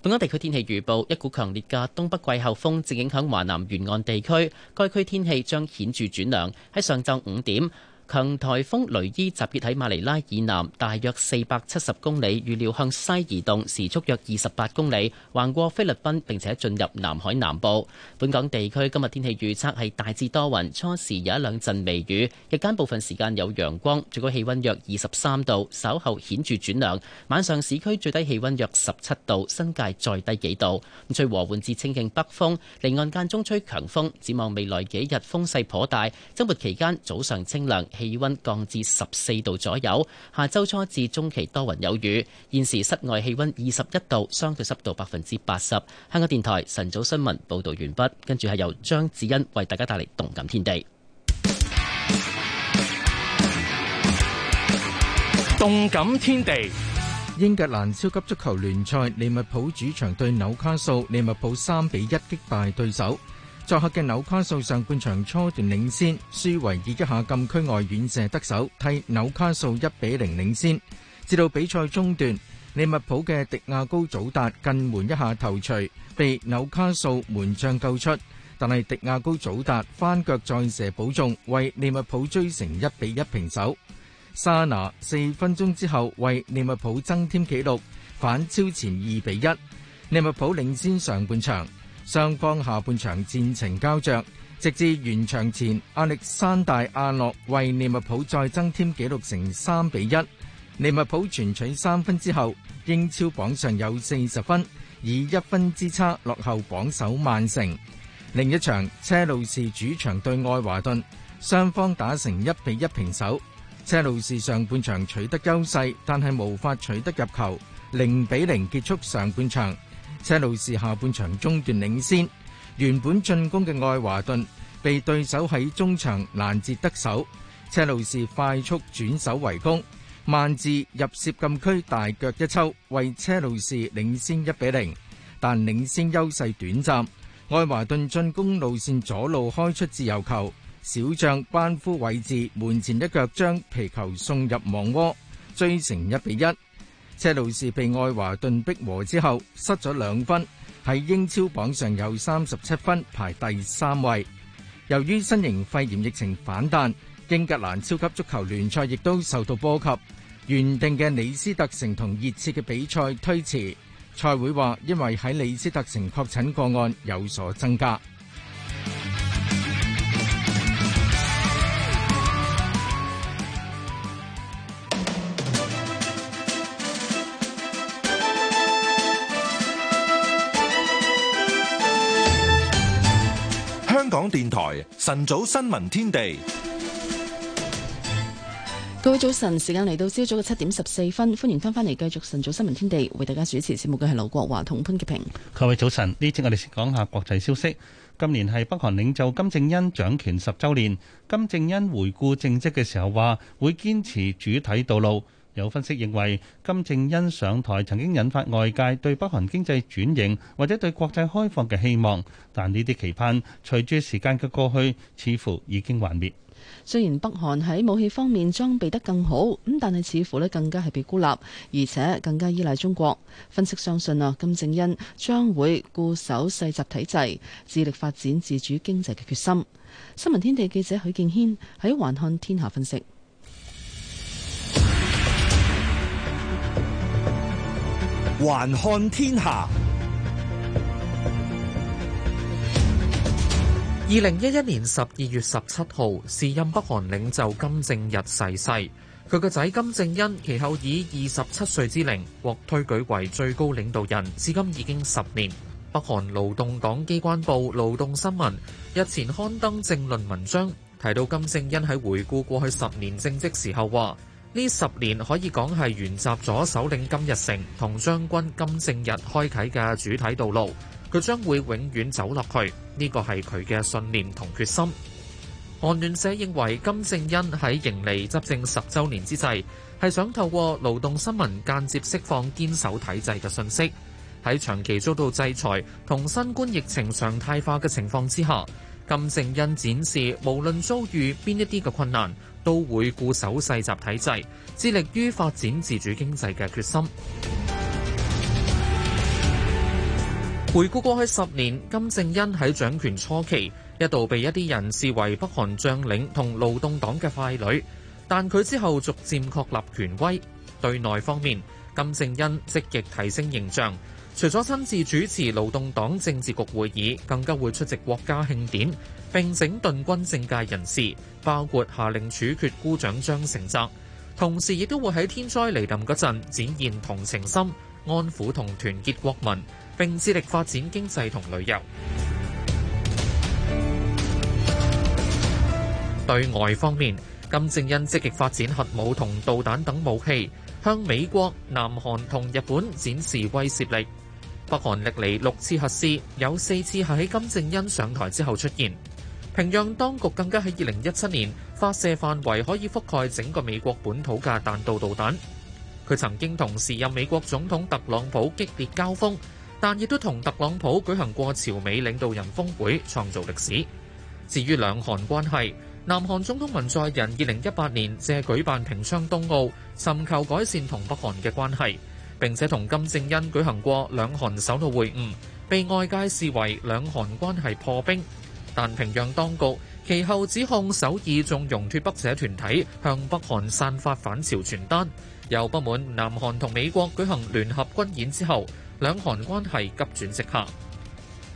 本港地區天氣預報，一股強烈嘅東北季候風正影響華南沿岸地區，該區天氣將顯著轉涼。喺上晝五點，強颱風雷伊集結喺馬尼拉以南大約四百七十公里，預料向西移動，時速約二十八公里，橫過菲律賓並且進入南海南部。本港地區今日天氣預測係大致多雲，初時有一兩陣微雨，日間部分時間有陽光，最高氣温約二十三度，稍後顯著轉涼。晚上市區最低氣温約十七度，新界再低幾度。咁吹和緩至清勁北風，離岸間中吹強風，展望未來幾日風勢頗大。周末期間早上清涼。氣溫降至十四度左右，下周初至中期多雲有雨。現時室外氣溫二十一度，相對濕度百分之八十。香港電台晨早新聞報道完畢，跟住係由張子欣為大家帶嚟動感天地。動感天地，英格蘭超級足球聯賽，利物浦主場對紐卡素，利物浦三比一擊敗對手。作客嘅紐卡素上半場初段領先，舒維爾一下禁區外遠射得手，替紐卡素1比0領先。至到比賽中段，利物浦嘅迪亞高祖達近門一下頭錘，被紐卡素門將救出，但係迪亞高祖達翻腳再射補中，為利物浦追成1比1平手。沙拿四分鐘之後為利物浦增添紀錄，反超前2比1，利物浦領先上半場。雙方下半場戰情膠著，直至完場前，阿力山大阿諾為利物浦再增添紀錄成三比一，利物浦全取三分之後，英超榜上有四十分，以一分之差落後榜首曼城。另一場車路士主場對愛華頓，雙方打成一比一平手，車路士上半場取得優勢，但係無法取得入球，零比零結束上半場。車路士下半場中段領先，原本進攻嘅愛華頓被對手喺中場攔截得手，車路士快速轉守為攻，萬字入涉禁區大腳一抽，為車路士領先一比零，但領先優勢短暫。愛華頓進攻路線左路開出自由球，小將班夫韋治門前一腳將皮球送入網窩，追成一比一。車路士被愛華頓逼和之後，失咗兩分，喺英超榜上有三十七分，排第三位。由於新型肺炎疫情反彈，英格蘭超級足球聯賽亦都受到波及，原定嘅李斯特城同熱刺嘅比賽推遲。賽會話因為喺李斯特城確診個案有所增加。香港電台晨早新聞天地，各位早晨，時間嚟到朝早嘅七點十四分，歡迎翻返嚟繼續晨早新聞天地，為大家主持節目嘅係劉國華同潘潔平。各位早晨，呢次我哋先講下國際消息。今年係北韓領袖金正恩掌權十週年，金正恩回顧政績嘅時候話，會堅持主體道路。有分析認為，金正恩上台曾經引發外界對北韓經濟轉型或者對國際開放嘅希望，但呢啲期盼隨住時間嘅過去，似乎已經幻滅。雖然北韓喺武器方面裝備得更好，咁但係似乎咧更加係被孤立，而且更加依賴中國。分析相信啊，金正恩將會固守世襲體制，致力發展自主經濟嘅決心。新聞天地記者許敬軒喺環看天下分析。還看天下。二零一一年十二月十七號，時任北韓領袖金正日逝世，世，佢個仔金正恩其後以二十七歲之齡獲推舉為最高領導人，至今已經十年。北韓勞動黨機關報《勞動新聞》日前刊登政論文章，提到金正恩喺回顧過去十年政績時候話。呢十年可以講係沿襲咗首領金日成同將軍金正日開啓嘅主體道路，佢將會永遠走落去。呢、這個係佢嘅信念同決心。韓聯社認為金正恩喺迎嚟執政十週年之際，係想透過勞動新聞間接釋放堅守體制嘅信息。喺長期遭到制裁同新冠疫情常態化嘅情況之下，金正恩展示無論遭遇邊一啲嘅困難，都會固守世襲體制，致力於發展自主經濟嘅決心。 回顧過去十年，金正恩喺掌權初期一度被一啲人視為北韓將領同勞動黨嘅傀儡，但佢之後逐漸確立權威。對內方面，金正恩積極提升形象。除咗親自主持勞動黨政治局會議，更加會出席國家慶典，並整頓軍政界人士，包括下令處決姑丈張成澤。同時，亦都會喺天災嚟臨嗰陣，展現同情心、安撫同團結國民，並致力發展經濟同旅遊。對外方面，金正恩積極發展核武同導彈等武器，向美國、南韓同日本展示威懾力。北韓歷嚟六次核試，有四次喺金正恩上台之後出現。平壤當局更加喺二零一七年發射範圍可以覆蓋整個美國本土嘅彈道導彈。佢曾經同時任美國總統特朗普激烈交鋒，但亦都同特朗普舉行過朝美領導人峰會，創造歷史。至於兩韓關係，南韓總統文在寅二零一八年借舉辦平昌冬奧，尋求改善同北韓嘅關係。並且同金正恩舉行過兩韓首腦會晤，被外界視為兩韓關係破冰。但平壤當局其後指控首爾縱容脫北者團體向北韓散發反朝傳單，又不滿南韓同美國舉行聯合軍演之後，兩韓關係急轉直下。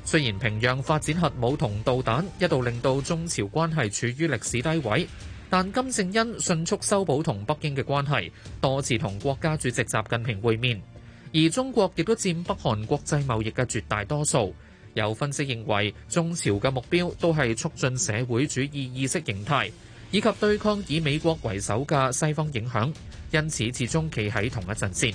雖然平壤發展核武同導彈，一度令到中朝關係處於歷史低位。但金正恩迅速修補同北京嘅關係，多次同國家主席習近平會面，而中國亦都佔北韓國際貿易嘅絕大多數。有分析認為，中朝嘅目標都係促進社會主義意識形態，以及對抗以美國為首嘅西方影響，因此始終企喺同一陣線。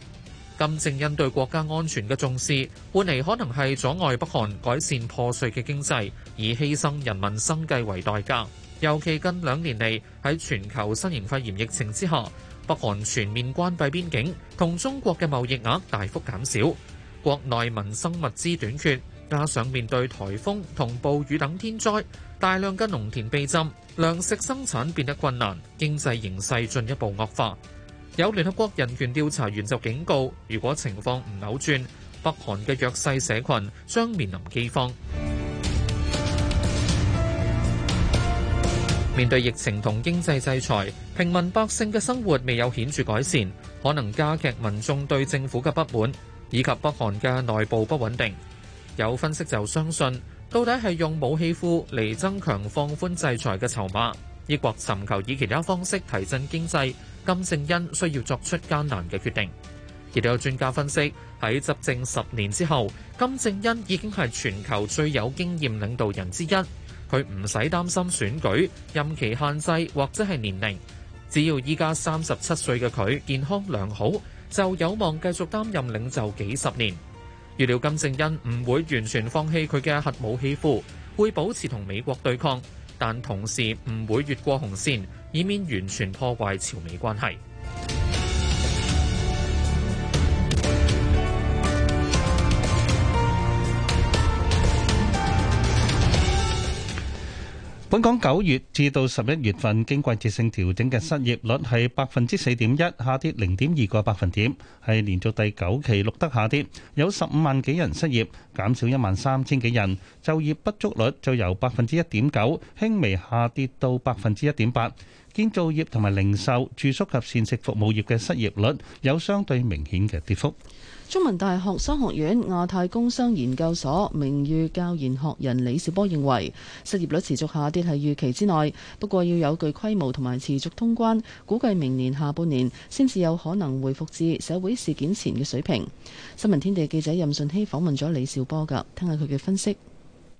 真正因對國家安全嘅重視，換嚟可能係阻礙北韓改善破碎嘅經濟，以犧牲人民生計為代價。尤其近兩年嚟喺全球新型肺炎疫情之下，北韓全面關閉邊境，同中國嘅貿易額大幅減少，國內民生物資短缺，加上面對颱風同暴雨等天災，大量嘅農田被浸，糧食生產變得困難，經濟形勢進一步惡化。有聯合國人權調查員就警告，如果情況唔扭轉，北韓嘅弱勢社群將面臨饑荒。面對疫情同經濟制裁，平民百姓嘅生活未有顯著改善，可能加劇民眾對政府嘅不滿，以及北韓嘅內部不穩定。有分析就相信，到底係用武器庫嚟增強放寬制裁嘅籌碼，抑或尋求以其他方式提振經濟？金正恩需要作出艱難嘅決定，亦都有專家分析喺執政十年之後，金正恩已經係全球最有經驗領導人之一。佢唔使擔心選舉任期限制或者係年齡，只要依家三十七歲嘅佢健康良好，就有望繼續擔任領袖幾十年。預料金正恩唔會完全放棄佢嘅核武器庫，會保持同美國對抗。但同時唔會越過紅線，以免完全破壞朝美關係。本港九月至到十一月份，經季節性調整嘅失業率係百分之四點一，下跌零點二個百分點，係連續第九期錄得下跌，有十五萬幾人失業，減少一萬三千幾人。就業不足率就由百分之一點九輕微下跌到百分之一點八。建造業同埋零售、住宿及膳食服務業嘅失業率有相對明顯嘅跌幅。中文大學商學院亞太工商研究所名譽教研學人李兆波認為，失業率持續下跌係預期之內，不過要有具規模同埋持續通關，估計明年下半年先至有可能回復至社會事件前嘅水平。新聞天地記者任順熙訪問咗李兆波噶，聽下佢嘅分析。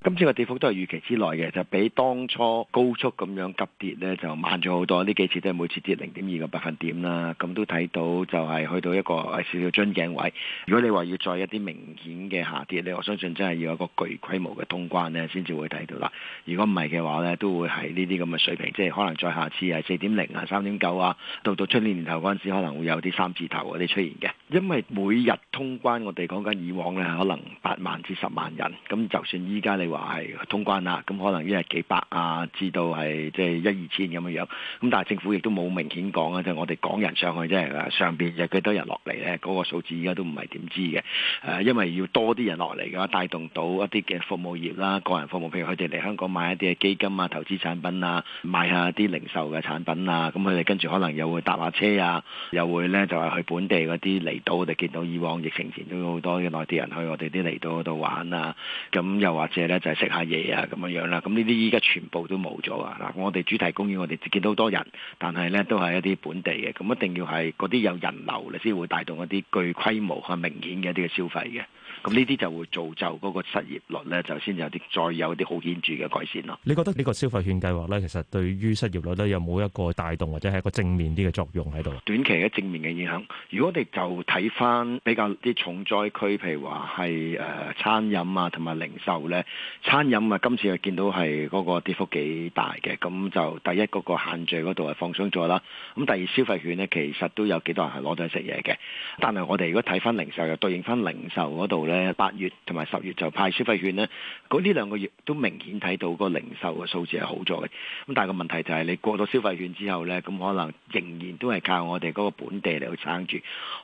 今次個跌幅都係預期之內嘅，就比當初高速咁樣急跌呢，就慢咗好多。呢幾次都係每次跌零點二個百分點啦，咁都睇到就係去到一個少少樽頸位。如果你話要再一啲明顯嘅下跌呢，我相信真係要有個巨規模嘅通關呢，先至會睇到啦。如果唔係嘅話呢，都會喺呢啲咁嘅水平，即係可能再下次係四點零啊、三點九啊，到到出年年頭嗰陣時，可能會有啲三字頭嗰啲出現嘅。因為每日通關，我哋講緊以往呢，可能八萬至十萬人，咁就算依家你。話係通關啦，咁可能一日幾百啊，至到係即係一二千咁樣樣。咁但係政府亦都冇明顯講啊，即係我哋港人上去即係上邊有幾多人落嚟呢？嗰個數字依家都唔係點知嘅。誒，因為要多啲人落嚟嘅話，帶動到一啲嘅服務業啦，個人服務，譬如佢哋嚟香港買一啲嘅基金啊、投資產品啊，買下啲零售嘅產品啊，咁佢哋跟住可能又會搭下車啊，又會呢，就係去本地嗰啲離島，我哋見到以往疫情前都有好多嘅內地人去我哋啲離島嗰度玩啊。咁又或者呢。就係食下嘢啊，咁樣樣啦。咁呢啲依家全部都冇咗啊！嗱，我哋主題公園我哋見到好多人，但係呢都係一啲本地嘅。咁一定要係嗰啲有人流你先會帶動一啲具規模、啊明顯嘅一啲嘅消費嘅。咁呢啲就會造就嗰個失業率咧，就先有啲再有啲好顯著嘅改善咯。你覺得呢個消費券計劃咧，其實對於失業率咧，有冇一個帶動或者係一個正面啲嘅作用喺度？短期嘅正面嘅影響，如果我哋就睇翻比較啲重災區，譬如話係誒餐飲啊，同埋零售咧，餐飲啊，今次又見到係嗰個跌幅幾大嘅，咁就第一嗰、嗰個限聚嗰度係放鬆咗啦。咁第二消費券咧，其實都有幾多人係攞到去食嘢嘅。但係我哋如果睇翻零售，又對應翻零售嗰度。八月同埋十月就派消費券咧，咁呢兩個月都明顯睇到個零售嘅數字係好咗嘅。咁但係個問題就係你過咗消費券之後呢，咁可能仍然都係靠我哋嗰個本地嚟去撐住，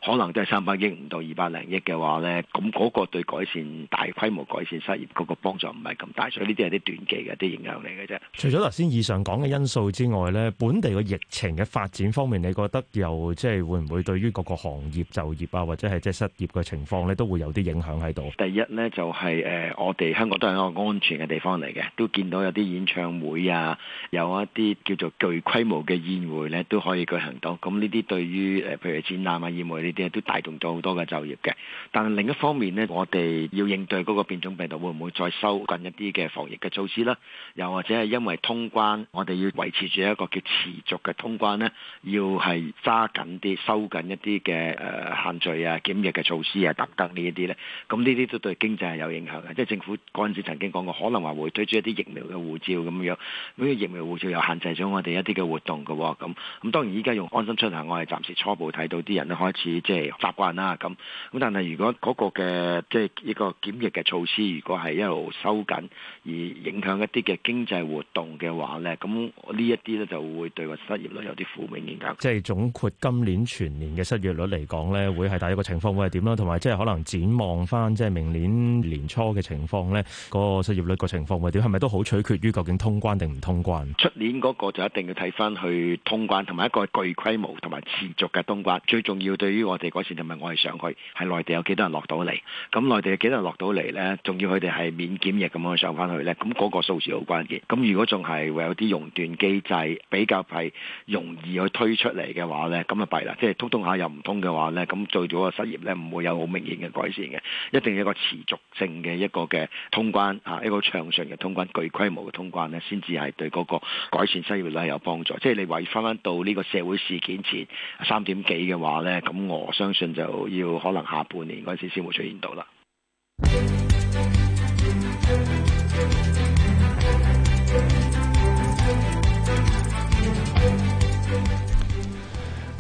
可能都係三百億唔到二百零億嘅話呢。咁嗰個對改善大規模改善失業嗰個幫助唔係咁大，所以呢啲係啲短期嘅啲影響嚟嘅啫。除咗頭先以上講嘅因素之外呢，本地個疫情嘅發展方面，你覺得又即係會唔會對於各個行業就業啊，或者係即係失業嘅情況呢，都會有啲影響？第一咧就係、是、誒、呃，我哋香港都係一個安全嘅地方嚟嘅，都見到有啲演唱會啊，有一啲叫做具規模嘅宴會咧，都可以舉行到。咁呢啲對於誒、呃，譬如展覽啊、宴會呢啲，都帶動咗好多嘅就業嘅。但係另一方面呢，我哋要應對嗰個變種病毒，會唔會再收緊一啲嘅防疫嘅措施啦？又或者係因為通關，我哋要維持住一個叫持續嘅通關呢，要係揸緊啲、收緊一啲嘅誒限聚啊、檢疫嘅措施啊、等等呢一啲呢。咁呢啲都對經濟係有影響嘅，即係政府嗰時曾經講過，可能話會推出一啲疫苗嘅護照咁樣，咁個疫苗護照又限制咗我哋一啲嘅活動嘅。咁咁當然依家用安心出行，我哋暫時初步睇到啲人都開始即係習慣啦。咁咁但係如果嗰、嗰個嘅即係一個檢疫嘅措施，如果係一路收緊而影響一啲嘅經濟活動嘅話咧，咁呢一啲咧就會對個失業率有啲負面影響。即係總括今年全年嘅失業率嚟講咧，會係大一個情況會係點咧？同埋即係可能展望翻。即係明年年初嘅情況咧，個失業率個情況會點？係咪都好取決於究竟通關定唔通關？出年嗰個就一定要睇翻去通關同埋一個巨規模同埋持續嘅通關。最重要對於我哋改善，係咪我哋上去？喺內地有幾多人落到嚟？咁內地有幾多人落到嚟咧？仲要佢哋係免檢疫咁樣上翻去咧？咁嗰個數字好關鍵。咁如果仲係會有啲熔斷機制比較係容易去推出嚟嘅話咧，咁啊弊啦！即係通通下又唔通嘅話咧，咁最終個失業咧唔會有好明顯嘅改善嘅。一定一個持續性嘅一個嘅通關啊，一個暢順嘅通關、具規模嘅通關咧，先至係對嗰個改善失業率有幫助。即係你話返返到呢個社會事件前三點幾嘅話呢，咁我相信就要可能下半年嗰陣時先會出現到啦。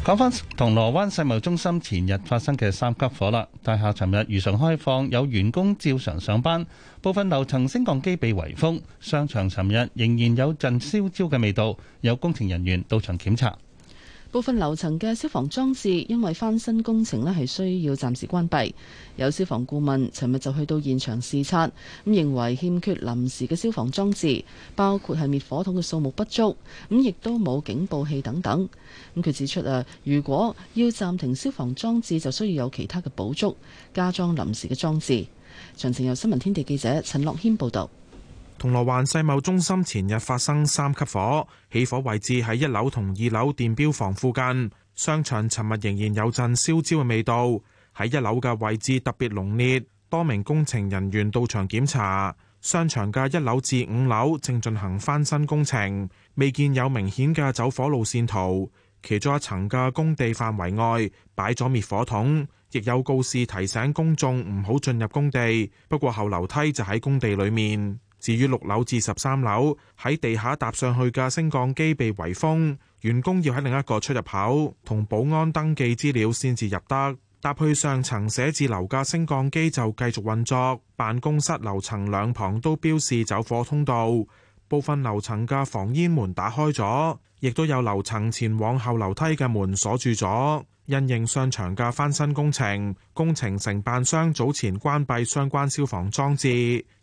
講翻銅鑼灣世貿中心前日發生嘅三級火啦，大廈尋日如常開放，有員工照常上班，部分樓層升降機被圍封，商場尋日仍然有陣燒焦嘅味道，有工程人員到場檢查。部分樓層嘅消防裝置因為翻新工程呢係需要暫時關閉。有消防顧問尋日就去到現場視察，咁認為欠缺臨時嘅消防裝置，包括係滅火筒嘅數目不足，咁亦都冇警報器等等。咁佢指出啊，如果要暫停消防裝置，就需要有其他嘅補足加裝臨時嘅裝置。詳情由新聞天地記者陳樂謙報道。銅鑼灣世貿中心前日發生三級火，起火位置喺一樓同二樓電表房附近。商場尋日仍然有陣燒焦嘅味道，喺一樓嘅位置特別濃烈。多名工程人員到場檢查，商場嘅一樓至五樓正進行翻新工程，未見有明顯嘅走火路綫圖。其中一層嘅工地範圍外擺咗滅火筒，亦有告示提醒公眾唔好進入工地。不過後樓梯就喺工地裏面。至於六樓至十三樓喺地下搭上去嘅升降機被圍封，員工要喺另一個出入口同保安登記資料先至入得。搭去上層寫字樓嘅升降機就繼續運作。辦公室樓層兩旁都標示走火通道，部分樓層嘅防煙門打開咗，亦都有樓層前往後樓梯嘅門鎖住咗。因應商場嘅翻新工程，工程承辦商早前關閉相關消防裝置。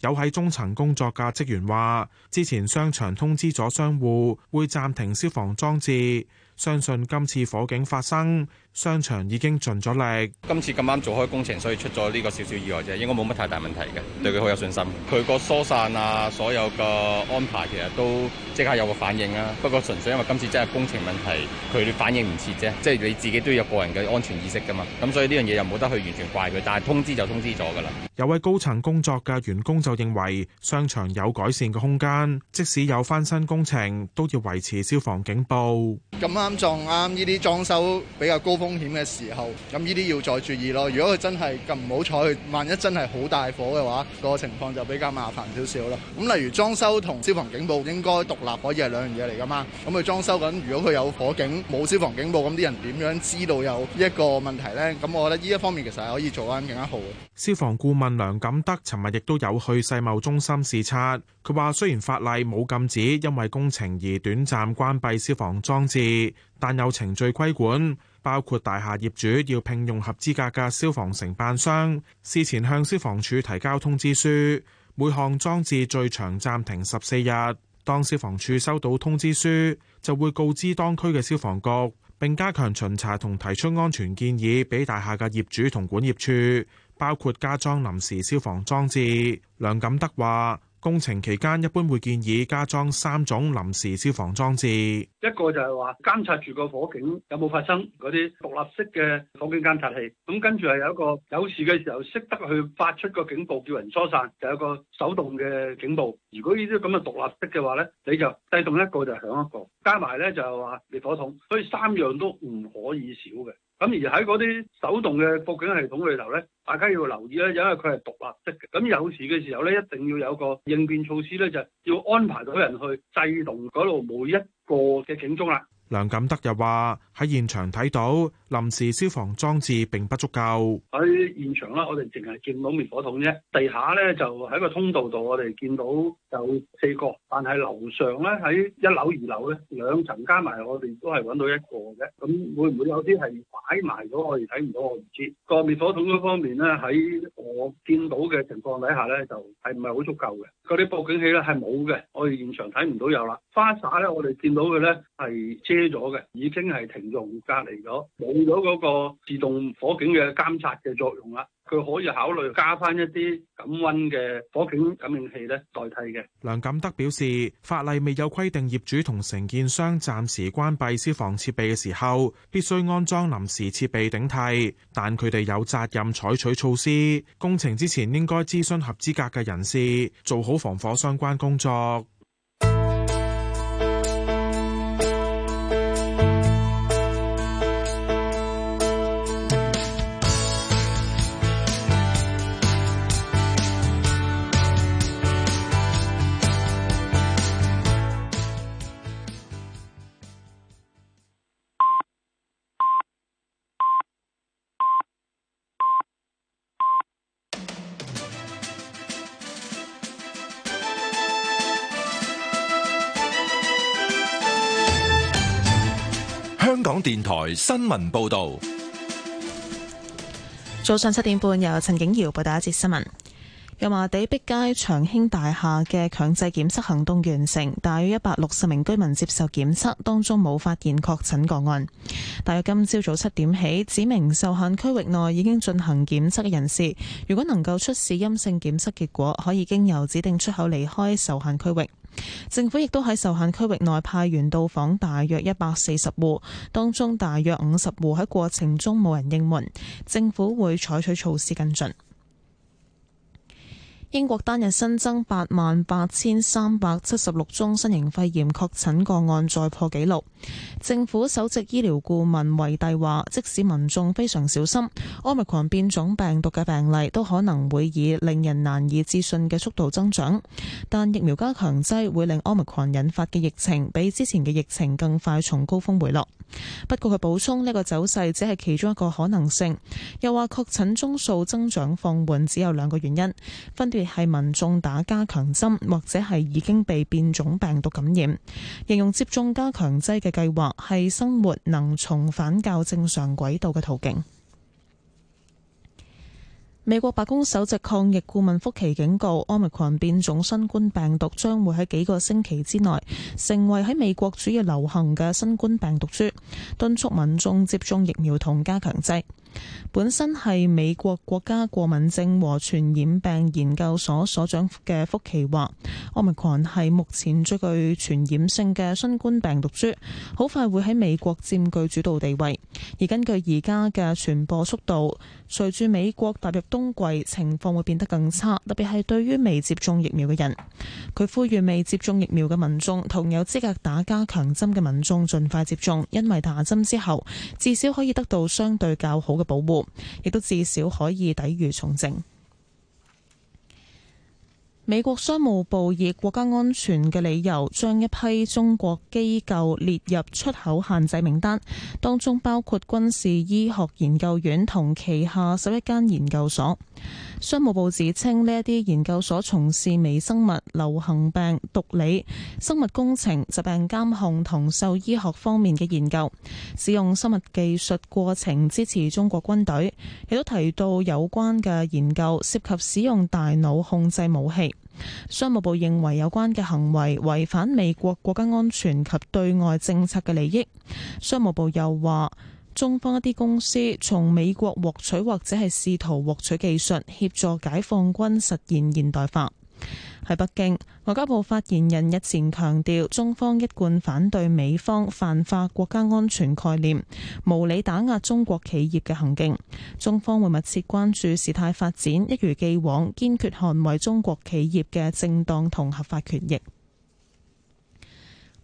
有喺中層工作嘅職員話，之前商場通知咗商戶會暫停消防裝置，相信今次火警發生。商場已經盡咗力，今次咁啱做開工程，所以出咗呢個少少意外啫，應該冇乜太大問題嘅，對佢好有信心。佢個疏散啊，所有個安排其實都即刻有個反應啦、啊。不過純粹因為今次真係工程問題，佢反應唔切啫。即係你自己都有個人嘅安全意識噶嘛。咁所以呢樣嘢又冇得去完全怪佢，但係通知就通知咗噶啦。有位高層工作嘅員工就認為商場有改善嘅空間，即使有翻新工程都要維持消防警報。咁啱撞啱呢啲裝修比較高。風險嘅時候，咁呢啲要再注意咯。如果佢真係咁唔好彩，佢萬一真係好大火嘅話，個情況就比較麻煩少少啦。咁例如裝修同消防警報應該獨立，可以係兩樣嘢嚟噶嘛。咁佢裝修緊，如果佢有火警冇消防警報，咁啲人點樣知道有一個問題呢？咁我覺得呢一方面其實係可以做翻更加好。消防顧問梁錦德尋日亦都有去世貿中心視察，佢話雖然法例冇禁止因為工程而短暫關閉消防裝置，但有程序規管。包括大廈業主要聘用合資格嘅消防承辦商，事前向消防處提交通知書。每項裝置最長暫停十四日。當消防處收到通知書，就會告知當區嘅消防局，並加強巡查同提出安全建議俾大廈嘅業主同管業處，包括加裝臨時消防裝置。梁錦德話。工程期間一般會建議加裝三種臨時消防裝置，一個就係話監察住個火警有冇發生嗰啲獨立式嘅火警監察器，咁跟住係有一個有事嘅時候識得去發出個警報叫人疏散，就有個手動嘅警報。如果呢啲咁嘅獨立式嘅話咧，你就啓動一個就響一個，加埋咧就係話滅火筒，所以三樣都唔可以少嘅。咁而喺嗰啲手動嘅報警系統裏頭咧，大家要留意咧，因為佢係獨立式嘅。咁有事嘅時候咧，一定要有個應變措施咧，就係、是、要安排到人去制動嗰度每一個嘅警鐘啦。梁錦德又話：喺現場睇到。臨時消防裝置並不足夠喺現場啦，我哋淨係見到滅火筒啫。地下咧就喺個通道度，我哋見到有四個，但係樓上咧喺一樓、二樓咧兩層加埋，我哋都係揾到一個嘅。咁會唔會有啲係擺埋咗，我哋睇唔到，我唔知個滅火筒嗰方面咧，喺我見到嘅情況底下咧，就係唔係好足夠嘅。嗰啲報警器咧係冇嘅，我哋現場睇唔到有啦。花灑咧，我哋見到佢咧係遮咗嘅，已經係停用隔離咗，冇。咗嗰個自動火警嘅監察嘅作用啦，佢可以考慮加翻一啲感温嘅火警感應器咧代替嘅。梁錦德表示，法例未有規定業主同承建商暫時關閉消防設備嘅時候，必須安裝臨時設備頂替，但佢哋有責任採取措施。工程之前應該諮詢合資格嘅人士，做好防火相關工作。電台新聞報道：早上七點半，由陳景瑤報第一節新聞。油麻地碧街長興大廈嘅強制檢測行動完成，大約一百六十名居民接受檢測，當中冇發現確診個案。大約今朝早七點起，指明受限區域內已經進行檢測嘅人士，如果能夠出示陰性檢測結果，可以經由指定出口離開受限區域。政府亦都喺受限區域內派員到訪，大約一百四十戶，當中大約五十戶喺過程中冇人應門，政府會採取措施跟進。英國單日新增八萬八千三百七十六宗新型肺炎確診個案，再破紀錄。政府首席醫療顧問衛帝話，即使民眾非常小心，奧密克戎變種病毒嘅病例都可能會以令人難以置信嘅速度增長。但疫苗加強劑會令奧密克戎引發嘅疫情比之前嘅疫情更快從高峰回落。不過佢補充呢個走勢只係其中一個可能性，又話確診宗數增長放緩只有兩個原因，分別係民眾打加強針或者係已經被變種病毒感染。形容接種加強劑嘅計劃係生活能重返較正常軌道嘅途徑。美國白宮首席抗疫顧問福奇警告，奧密克戎變種新冠病毒將會喺幾個星期之內成為喺美國主要流行嘅新冠病毒株，敦促民眾接種疫苗同加強劑。本身係美國國家過敏症和傳染病研究所所長嘅福奇話，Omicron 係目前最具傳染性嘅新冠病毒株，好快會喺美國佔據主導地位。而根據而家嘅傳播速度，隨住美國踏入冬季，情況會變得更差，特別係對於未接種疫苗嘅人。佢呼籲未接種疫苗嘅民眾同有資格打加強針嘅民眾盡快接種，因為打針之後至少可以得到相對較好嘅。保護，亦都至少可以抵禦重症。美國商務部以國家安全嘅理由，將一批中國機構列入出口限制名單，當中包括軍事醫學研究院同旗下十一間研究所。商務部指稱，呢一啲研究所從事微生物、流行病、毒理、生物工程、疾病監控同獸醫學方面嘅研究，使用生物技術過程支持中國軍隊，亦都提到有關嘅研究涉及使用大腦控制武器。商務部認為有關嘅行為違反美國國家安全及對外政策嘅利益。商務部又話：中方一啲公司從美國獲取或者係試圖獲取技術協助解放軍實現現代化。喺北京，外交部發言人日前強調，中方一貫反對美方泛化國家安全概念，無理打壓中國企業嘅行徑，中方會密切關注事態發展，一如既往堅決捍衛中國企業嘅正當同合法權益。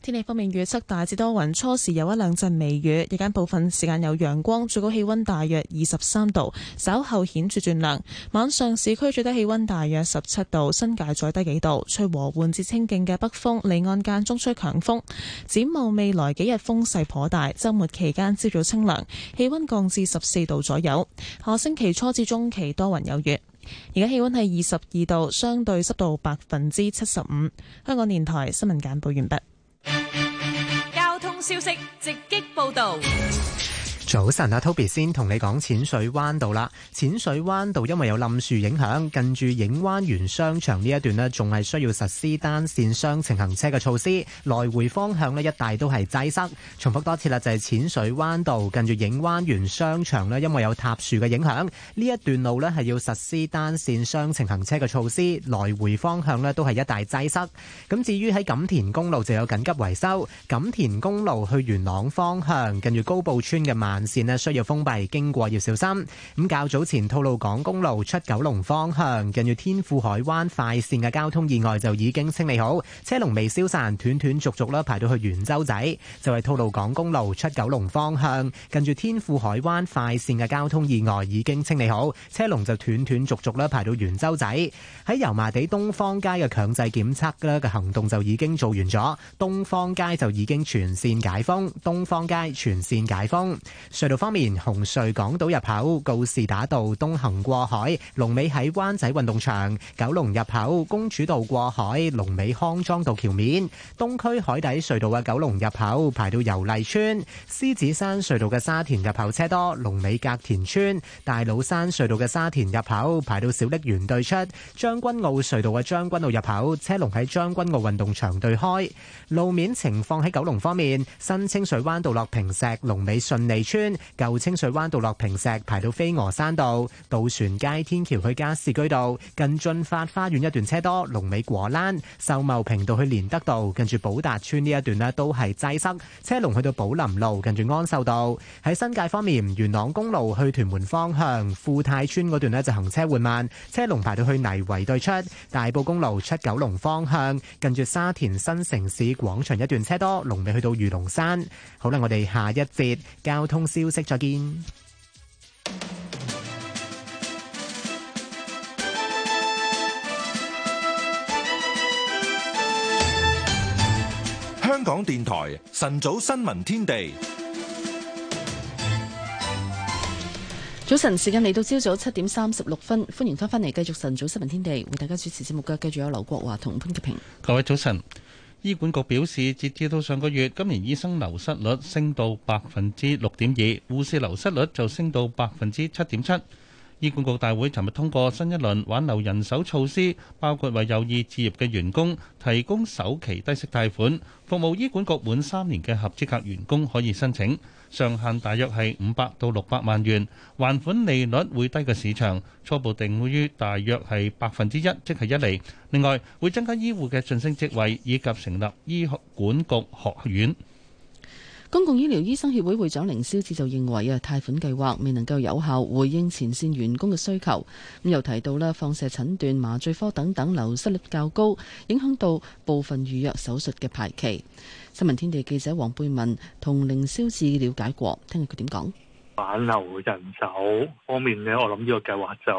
天氣方面預測大致多雲，初時有一兩陣微雨，日間部分時間有陽光，最高氣溫大約二十三度，稍後顯著轉涼。晚上市區最低氣溫大約十七度，新界再低幾度。吹和緩至清勁嘅北風，離岸間中吹強風。展望未來幾日風勢頗大，週末期間朝早清涼，氣溫降至十四度左右。下星期初至中期多雲有雨。而家氣溫係二十二度，相對濕度百分之七十五。香港電台新聞簡報完畢。消息直擊報導。早晨啊，Toby 先同你講淺水灣道啦。淺水灣道因為有冧樹影響，近住影灣園商場呢一段呢仲係需要實施單線雙程行車嘅措施，來回方向呢一帶都係擠塞。重複多次啦，就係、是、淺水灣道近住影灣園商場呢，因為有塌樹嘅影響，呢一段路呢係要實施單線雙程行車嘅措施，來回方向呢都係一帶擠塞。咁至於喺錦田公路就有緊急維修，錦田公路去元朗方向近住高埗村嘅嘛，線咧需要封閉，經過要小心。咁較早前，吐露港公路出九龍方向近住天賦海灣快線嘅交通意外就已經清理好，車龍未消散，斷斷續續咧排到去圓洲仔。就係吐露港公路出九龍方向近住天賦海灣快線嘅交通意外已經清理好，車龍就斷斷續續咧排到圓洲仔。喺油麻地東方街嘅強制檢測咧嘅行動就已經做完咗，東方街就已經全線解封。東方街全線解封。隧道方面，紅隧港島入口告士打道東行過海，龍尾喺灣仔運動場；九龍入口公主道過海，龍尾康莊道橋面；東區海底隧道嘅九龍入口排到油麗村；獅子山隧道嘅沙田入口車多，龍尾隔田村；大老山隧道嘅沙田入口排到小瀝源對出；將軍澳隧道嘅將軍澳入口車龍喺將軍澳運動場對開。路面情況喺九龍方面，新清水灣道落坪石，龍尾順利村。舊清水灣道落坪石，排到飛鵝山道；渡船街天橋去加士居道，近駿發花園一段車多，龍尾果欄；秀茂坪道去連德道，近住寶達村，呢一段呢都係擠塞，車龍去到寶林路，近住安秀道。喺新界方面，元朗公路去屯門方向，富泰村嗰段呢就行車緩慢，車龍排到去泥圍對出；大埔公路出九龍方向，近住沙田新城市廣場一段車多，龍尾去到魚龍山。好啦，我哋下一節交通。消息再見。香港電台晨早新聞天地，早晨時間嚟到朝早七點三十六分，歡迎翻返嚟繼續晨早新聞天地，為大家主持節目嘅，繼續有劉國華同潘潔平。各位早晨。醫管局表示，截至到上個月，今年醫生流失率升到百分之六點二，護士流失率就升到百分之七點七。醫管局大會尋日通過新一輪挽留人手措施，包括為有意置業嘅員工提供首期低息貸款，服務醫管局滿三年嘅合資格員工可以申請。上限大約係五百到六百萬元，還款利率會低過市場，初步定於大約係百分之一，即係一厘。另外，會增加醫護嘅晉升職位，以及成立醫學管局學院。公共醫療醫生協會會長凌霄智就認為啊，貸款計劃未能夠有效回應前線員工嘅需求。咁又提到咧，放射診斷、麻醉科等等流失率較高，影響到部分預約手術嘅排期。新聞天地記者黃貝文同凌霄志了解過，聽日佢點講挽留人手方面咧，我諗呢個計劃就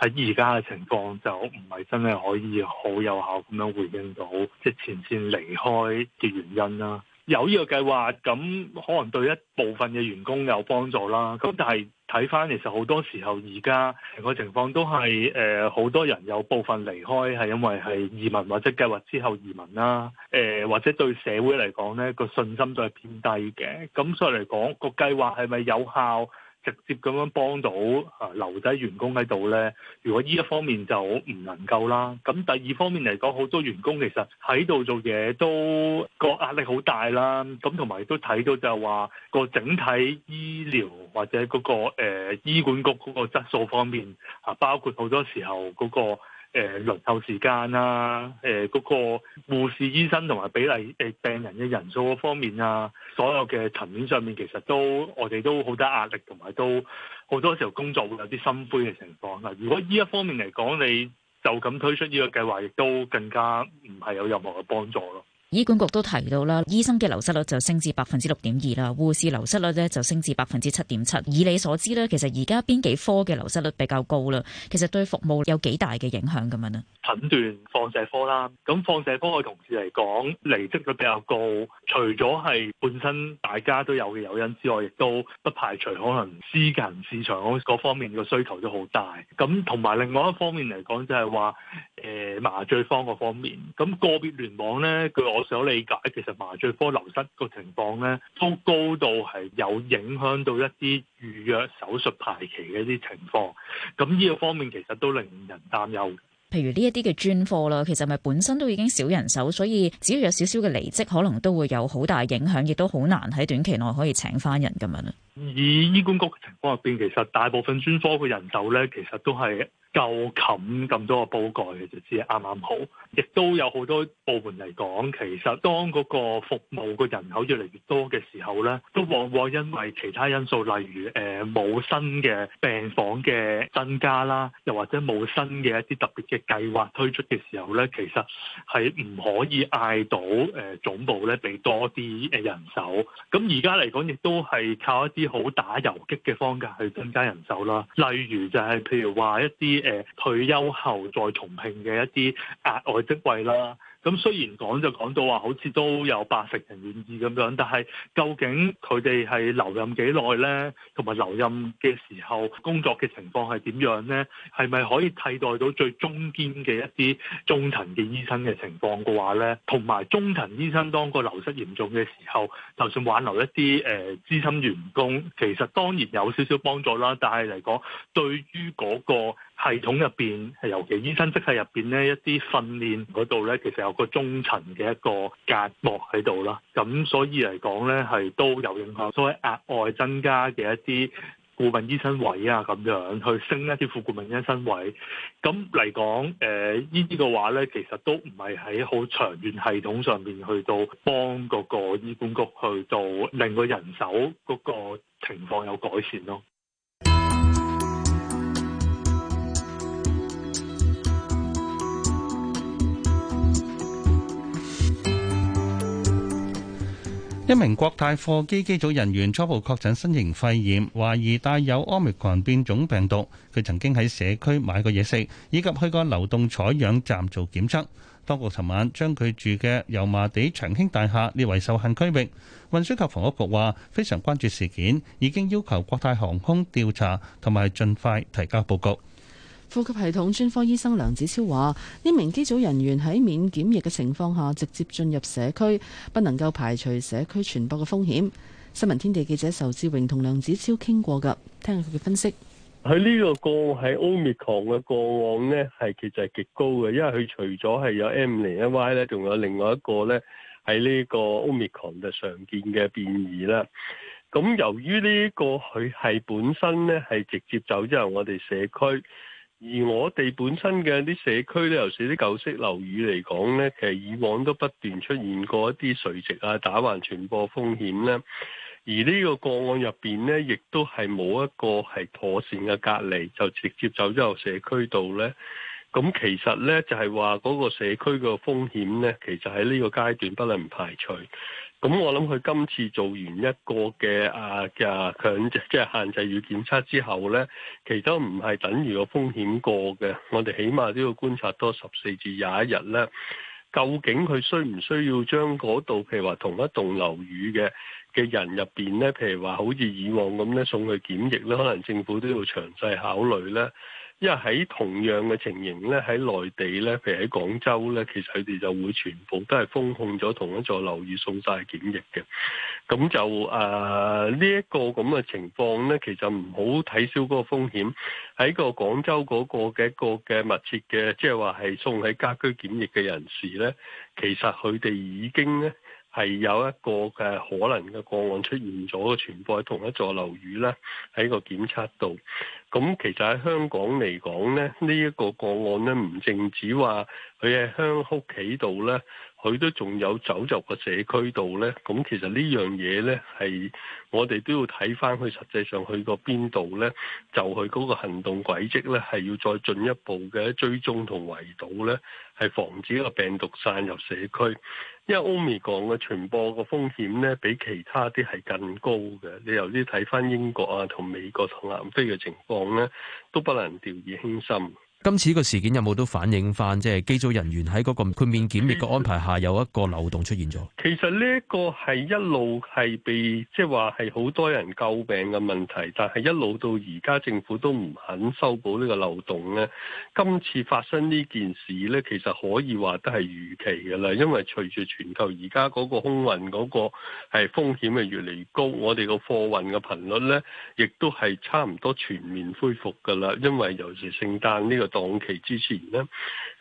喺而家嘅情況就唔係真係可以好有效咁樣回應到即係前線離開嘅原因啦。有呢個計劃，咁可能對一部分嘅員工有幫助啦。咁但係睇翻，其實好多時候而家個情況都係誒，好、呃、多人有部分離開，係因為係移民或者計劃之後移民啦。誒、呃，或者對社會嚟講咧，個信心都係偏低嘅。咁所以嚟講，個計劃係咪有效？直接咁樣幫到啊，留低員工喺度咧，如果呢一方面就唔能夠啦。咁第二方面嚟講，好多員工其實喺度做嘢都個壓力好大啦。咁同埋都睇到就係話個整體醫療或者嗰個誒、呃、醫管局嗰個質素方面啊，包括好多時候嗰個。誒、呃、輪候時間啦、啊，誒、呃、嗰、那個護士、醫生同埋比例誒、呃、病人嘅人數方面啊，所有嘅層面上面其實都我哋都好多壓力，同埋都好多時候工作會有啲心灰嘅情況啊。如果呢一方面嚟講，你就咁推出呢個計劃，亦都更加唔係有任何嘅幫助咯。醫管局都提到啦，醫生嘅流失率就升至百分之六點二啦，護士流失率咧就升至百分之七點七。以你所知咧，其實而家邊幾科嘅流失率比較高咧？其實對服務有幾大嘅影響咁樣呢？診斷放射科啦，咁放射科嘅同事嚟講，離職率比較高。除咗係本身大家都有嘅誘因之外，亦都不排除可能私人市場嗰方面嘅需求都好大。咁同埋另外一方面嚟講，就係話誒麻醉方嗰方面。咁個別聯網咧，據我所理解，其實麻醉科流失個情況咧，都高度係有影響到一啲預約手術排期嘅一啲情況。咁呢個方面其實都令人擔憂。譬如呢一啲嘅專科啦，其實咪本身都已經少人手，所以只要有少少嘅離職，可能都會有好大影響，亦都好難喺短期內可以請翻人咁樣。以醫管局嘅情況入邊，其實大部分專科嘅人手咧，其實都係夠冚咁多個煲蓋嘅就只係啱啱好，亦都有好多部門嚟講，其實當嗰個服務嘅人口越嚟越多嘅時候咧，都往往因為其他因素，例如誒冇、呃、新嘅病房嘅增加啦，又或者冇新嘅一啲特別嘅計劃推出嘅時候咧，其實係唔可以嗌到誒總部咧，俾多啲誒人手。咁而家嚟講，亦都係靠一啲好打游擊嘅方法去增加人手啦。例如就係譬如話一啲。誒退休後在重慶嘅一啲額外職位啦，咁雖然講就講到話好似都有八十人願意咁樣，但係究竟佢哋係留任幾耐咧？同埋留任嘅時候工作嘅情況係點樣咧？係咪可以替代到最中堅嘅一啲中層嘅醫生嘅情況嘅話咧？同埋中層醫生當個流失嚴重嘅時候，就算挽留一啲誒、呃、資深員工，其實當然有少少幫助啦。但係嚟講，對於嗰、那個系統入邊，尤其醫生職系入邊咧，一啲訓練嗰度咧，其實有個中層嘅一個隔膜喺度啦。咁所以嚟講咧，係都有影響，所謂額外增加嘅一啲顧問醫生位啊，咁樣去升一啲副顧問醫生位。咁嚟講，誒呢啲嘅話咧，其實都唔係喺好長遠系統上邊去到幫嗰個醫管局去到令個人手嗰個情況有改善咯。一名國泰貨機機組人員初步確診新型肺炎，懷疑帶有奧密克戎變種病毒。佢曾經喺社區買過嘢食，以及去過流動採樣站做檢測。當局尋晚將佢住嘅油麻地長興大廈列為受限區域。運輸及房屋局話非常關注事件，已經要求國泰航空調查同埋盡快提交報告。呼吸系統專科醫生梁子超話，呢名機組人員喺免檢疫嘅情況下直接進入社區，不能夠排除社區傳播嘅風險。新聞天地記者仇志榮同梁子超傾過㗎，聽下佢嘅分析。佢呢個個案喺 Omicron 嘅個案呢，係其實係極高嘅，因為佢除咗係有 m 零 N Y 咧，仲有另外一個咧係呢個 Omicron 嘅常見嘅變異啦。咁由於呢、呢個佢係本身呢，係直接走咗入我哋社區。而我哋本身嘅啲社區咧，尤其是啲舊式樓宇嚟講呢，其實以往都不斷出現過一啲垂直啊打橫傳播風險咧。而呢個個案入邊呢，亦都係冇一個係妥善嘅隔離，就直接走咗入社區度呢。咁其實呢，就係話嗰個社區嘅風險呢，其實喺呢個階段不能排除。咁、嗯、我諗佢今次做完一個嘅啊嘅、啊、強制即係限制與檢測之後呢，其實唔係等於個風險過嘅，我哋起碼都要觀察多十四至廿一日呢，究竟佢需唔需要將嗰度譬如話同一棟樓宇嘅嘅人入邊呢，譬如話好似以往咁呢，送去檢疫呢，可能政府都要詳細考慮呢。因為喺同樣嘅情形咧，喺內地咧，譬如喺廣州咧，其實佢哋就會全部都係封控咗同一座樓宇，送晒檢疫嘅。咁就誒呢一個咁嘅情況咧，其實唔好睇小嗰個風險。喺個廣州嗰個嘅一個嘅密切嘅，即係話係送喺家居檢疫嘅人士咧，其實佢哋已經咧。係有一個嘅可能嘅個案出現咗傳播喺同一座樓宇啦，喺個檢測度。咁其實喺香港嚟講咧，呢一個個案咧唔淨止話佢喺香屋企度咧。佢都仲有走入個社區度呢。咁其實呢樣嘢呢，係我哋都要睇翻佢實際上去過邊度呢，就佢嗰個行動軌跡呢，係要再進一步嘅追蹤同圍堵呢，係防止一個病毒散入社區。因為 Omicron 講嘅傳播個風險呢，比其他啲係更高嘅。你由於睇翻英國啊同美國同南非嘅情況呢，都不能掉以輕心。今次呢個事件有冇都反映翻，即係機組人員喺嗰、那個豁免檢疫嘅安排下有一個漏洞出現咗。其實呢一個係一路係被即係話係好多人詬病嘅問題，但係一路到而家政府都唔肯修補呢個漏洞呢，今次發生呢件事呢，其實可以話都係預期㗎啦，因為隨住全球而家嗰個空運嗰個係風險係越嚟越高，我哋個貨運嘅頻率呢，亦都係差唔多全面恢復㗎啦。因為尤其是聖誕呢、這個。檔期之前咧，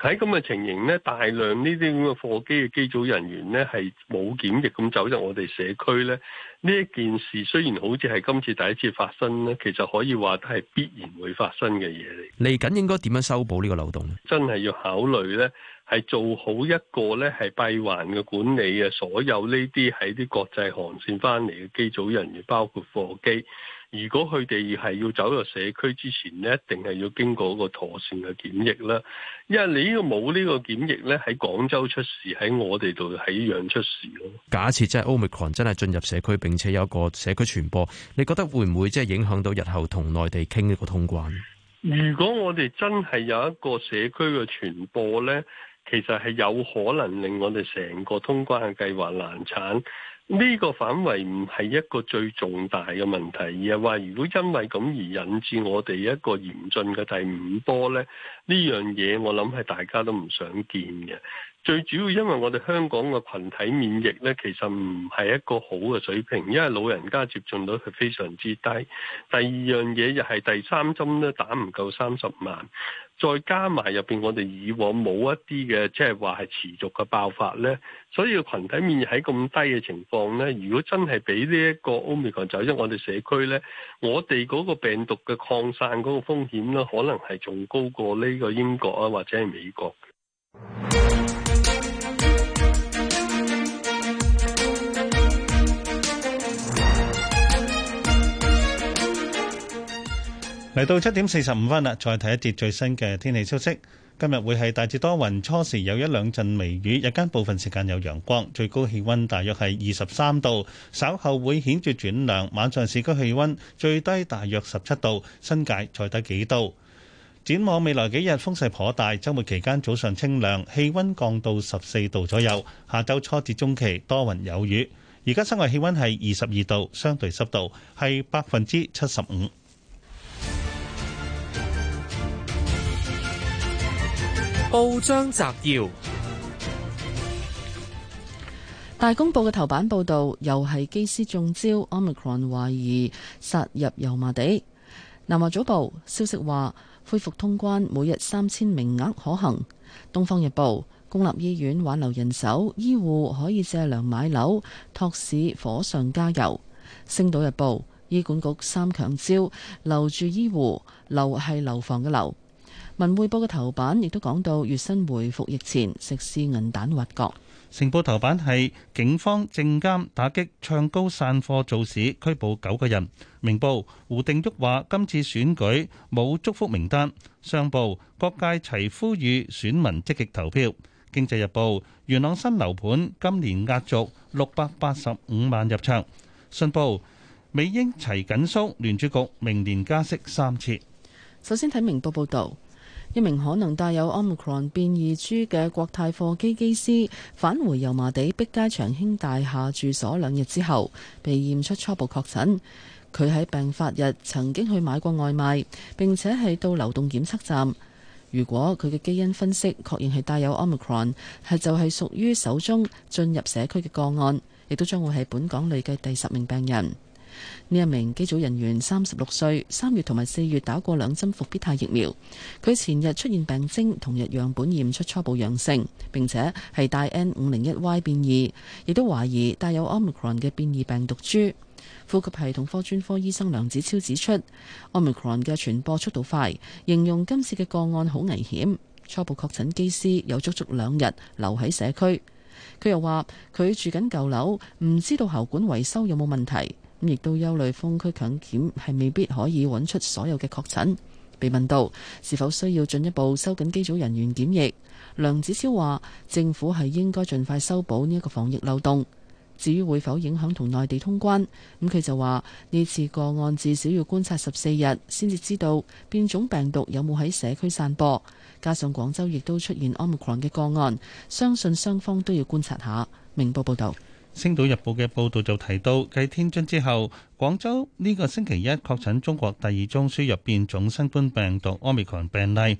喺咁嘅情形咧，大量呢啲咁嘅貨機嘅機組人員咧係冇檢疫咁走入我哋社區咧，呢一件事雖然好似係今次第一次發生咧，其實可以話都係必然會發生嘅嘢嚟。嚟緊應該點樣修補呢個漏洞咧？真係要考慮呢，係做好一個呢係閉環嘅管理啊，所有呢啲喺啲國際航線翻嚟嘅機組人員，包括貨機。如果佢哋係要走入社區之前咧，一定係要經過一個妥善嘅檢疫啦。因為你依個冇呢個檢疫呢，喺廣州出事，喺我哋度喺樣出事咯。假設真係 Omicron 真係進入社區，並且有個社區傳播，你覺得會唔會即係影響到日後同內地傾呢個通關？如果我哋真係有一個社區嘅傳播呢，其實係有可能令我哋成個通關嘅計劃難產。呢個反圍唔係一個最重大嘅問題，而係話如果因為咁而引致我哋一個嚴峻嘅第五波咧，呢樣嘢我諗係大家都唔想見嘅。最主要因為我哋香港嘅群體免疫呢，其實唔係一個好嘅水平，因為老人家接種率係非常之低。第二樣嘢又係第三針呢，打唔夠三十萬，再加埋入邊，我哋以往冇一啲嘅，即係話係持續嘅爆發呢。所以個群體免疫喺咁低嘅情況呢，如果真係俾呢一個奧密克戎走咗我哋社區呢，我哋嗰個病毒嘅擴散嗰個風險呢，可能係仲高過呢個英國啊或者係美國。嚟到七點四十五分啦，再睇一節最新嘅天氣消息。今日會係大致多雲，初時有一兩陣微雨，日間部分時間有陽光，最高氣温大約係二十三度，稍後會顯著轉涼。晚上市區氣温最低大約十七度，新界再低幾度。展望未來幾日風勢頗大，週末期間早上清涼，氣温降到十四度左右。下週初至中期多雲有雨。而家室外氣温係二十二度，相對濕度係百分之七十五。報章摘要：大公報嘅頭版報道，又係機師中招，Omicron 懷疑殺入油麻地。南華早報消息話，恢復通關每日三千名額可行。東方日報，公立醫院挽留人手，醫護可以借糧買樓，托市火上加油。星島日報，醫管局三強招留住醫護，樓係樓房嘅樓。文匯報嘅頭版亦都講到，月薪回復疫前，食肆銀彈挖角。成報頭版係警方證監打擊唱高散貨造市，拘捕九個人。明報胡定旭話今次選舉冇祝福名單。商報各界齊呼籲選民積極投票。經濟日報元朗新樓盤今年壓軸六百八十五萬入場。信報美英齊緊縮，聯儲局明年加息三次。首先睇明報報道。一名可能帶有 omicron 變異株嘅國泰貨機機師返回油麻地碧街長興大廈住所兩日之後，被驗出初步確診。佢喺病發日曾經去買過外賣，並且係到流動檢測站。如果佢嘅基因分析確認係帶有 omicron，係就係屬於首宗進入社區嘅個案，亦都將會係本港累計第十名病人。呢一名機組人員三十六歲，三月同埋四月打過兩針復必泰疫苗。佢前日出現病徵，同日樣本驗出初步陽性，並且係帶 N 五零一 Y 變異，亦都懷疑帶有 omicron 嘅變異病毒株。呼吸系統科專科醫生梁子超指出，omicron 嘅傳播速度快，形容今次嘅個案好危險。初步確診機師有足足兩日留喺社區。佢又話佢住緊舊樓，唔知道喉管維修有冇問題。咁亦都憂慮，封區強檢係未必可以揾出所有嘅確診。被問到是否需要進一步收緊機組人員檢疫，梁子超話：政府係應該盡快修補呢一個防疫漏洞。至於會否影響同內地通關，咁佢就話：呢次個案至少要觀察十四日先至知道變種病毒有冇喺社區散播。加上廣州亦都出現 Omicron 嘅個案，相信雙方都要觀察下。明報報道。《星島日報》嘅報道就提到，繼天津之後，廣州呢個星期一確診中國第二宗輸入變種新冠病毒奧密克戎病例。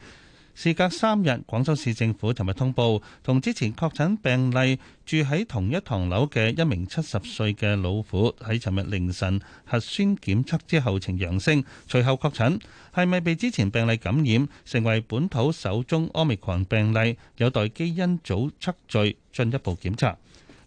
事隔三日，廣州市政府尋日通報，同之前確診病例住喺同一幢樓嘅一名七十歲嘅老婦喺尋日凌晨核酸檢測之後呈陽性，隨後確診，係咪被之前病例感染成為本土首宗奧密克戎病例，有待基因組測序進一步檢查。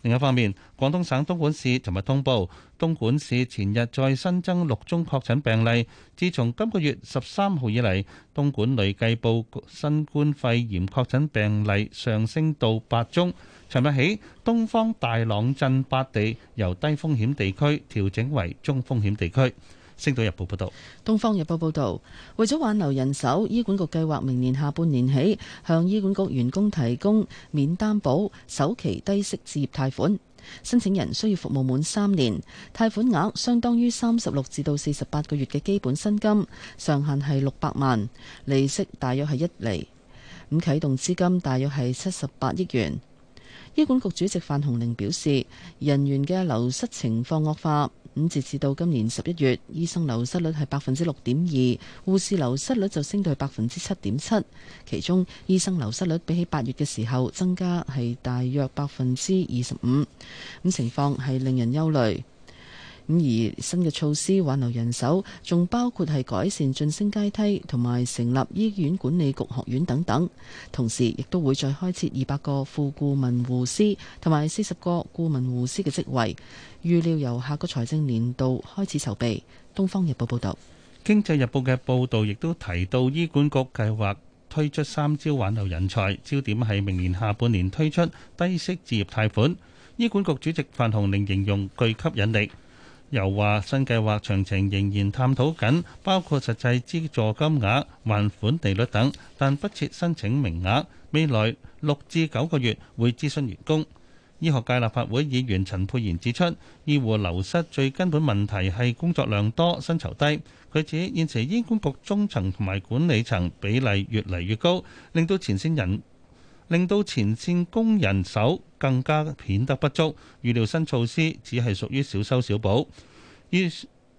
另一方面，廣東省東莞市尋日通報，東莞市前日再新增六宗確診病例。自從今個月十三號以嚟，東莞累計報告新冠肺炎確診病例上升到八宗。尋日起，東方大朗鎮八地由低風險地區調整為中風險地區。星島日報報道，東方日報報道，報報導，為咗挽留人手，醫管局計劃明年下半年起向醫管局員工提供免擔保首期低息置業貸款。申請人需要服務滿三年，貸款額相當於三十六至到四十八個月嘅基本薪金，上限係六百萬，利息大約係一厘。咁啟動資金大約係七十八億元。醫管局主席范鴻齡表示，人員嘅流失情況惡化。咁截至到今年十一月，醫生流失率係百分之六點二，護士流失率就升到百分之七點七。其中，醫生流失率比起八月嘅時候增加係大約百分之二十五。咁情況係令人憂慮。咁而新嘅措施挽留人手，仲包括係改善晉升階梯，同埋成立醫院管理局學院等等。同時亦都會再開設二百個副顧問護師同埋四十個顧問護師嘅職位，預料由下個財政年度開始籌備。東方日報報道。經濟日報嘅報道亦都提到，醫管局計劃推出三招挽留人才，焦點係明年下半年推出低息置業貸款。醫管局主席范鴻齡形容具吸引力。又話新計劃詳情仍然探討緊，包括實際資助金額、還款利率等，但不設申請名額。未來六至九個月會諮詢員工。醫學界立法會議員陳佩然指出，醫護流失最根本問題係工作量多、薪酬低。佢指現時醫管局中層同埋管理層比例越嚟越高，令到前線人令到前線工人手更加顯得不足，預料新措施只係屬於小修小補。醫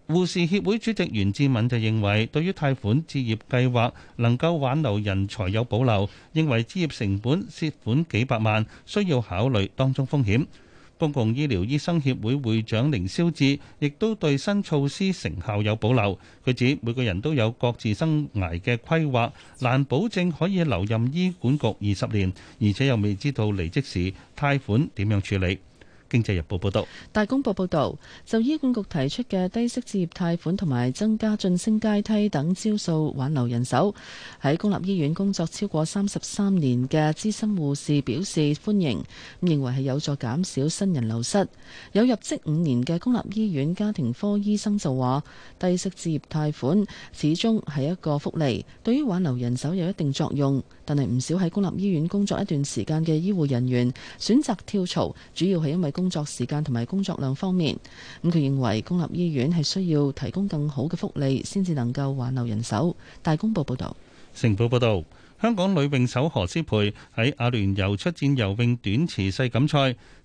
護士協會主席袁志敏就認為，對於貸款置業計劃能夠挽留人才有保留，認為置業成本涉款幾百萬，需要考慮當中風險。公共醫療醫生協會會長凌霄志亦都對新措施成效有保留。佢指每個人都有各自生涯嘅規劃，難保證可以留任醫管局二十年，而且又未知道離職時貸款點樣處理。經濟日報報道，大公報報道，就醫管局提出嘅低息置業貸款同埋增加晉升階梯等招數挽留人手，喺公立醫院工作超過三十三年嘅資深護士表示歡迎，咁認為係有助減少新人流失。有入職五年嘅公立醫院家庭科醫生就話，低息置業貸款始終係一個福利，對於挽留人手有一定作用，但係唔少喺公立醫院工作一段時間嘅醫護人員選擇跳槽，主要係因為。工作時間同埋工作量方面，咁佢認為公立醫院係需要提供更好嘅福利，先至能夠挽留人手。大公報報導，成報報導，香港女泳手何詩蓓喺阿聯酋出戰游泳短池世錦賽，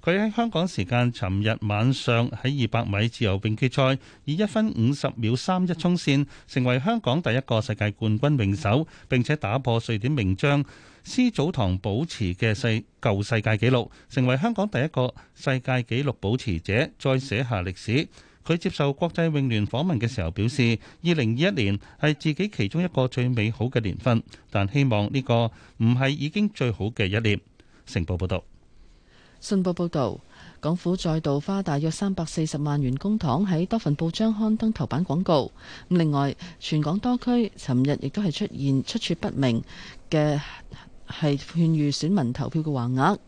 佢喺香港時間尋日晚上喺二百米自由泳決賽，以一分五十秒三一衝線，成為香港第一個世界冠軍泳手，並且打破瑞典名將。施祖堂保持嘅世舊世界紀錄，成為香港第一個世界紀錄保持者，再寫下歷史。佢接受國際泳聯訪問嘅時候表示，二零二一年係自己其中一個最美好嘅年份，但希望呢個唔係已經最好嘅一年。成報報道，信報報道，港府再度花大約三百四十萬元公帑喺多份報章刊登頭版廣告。咁另外，全港多區尋日亦都係出現出處不明嘅。係勸喻選民投票嘅橫額，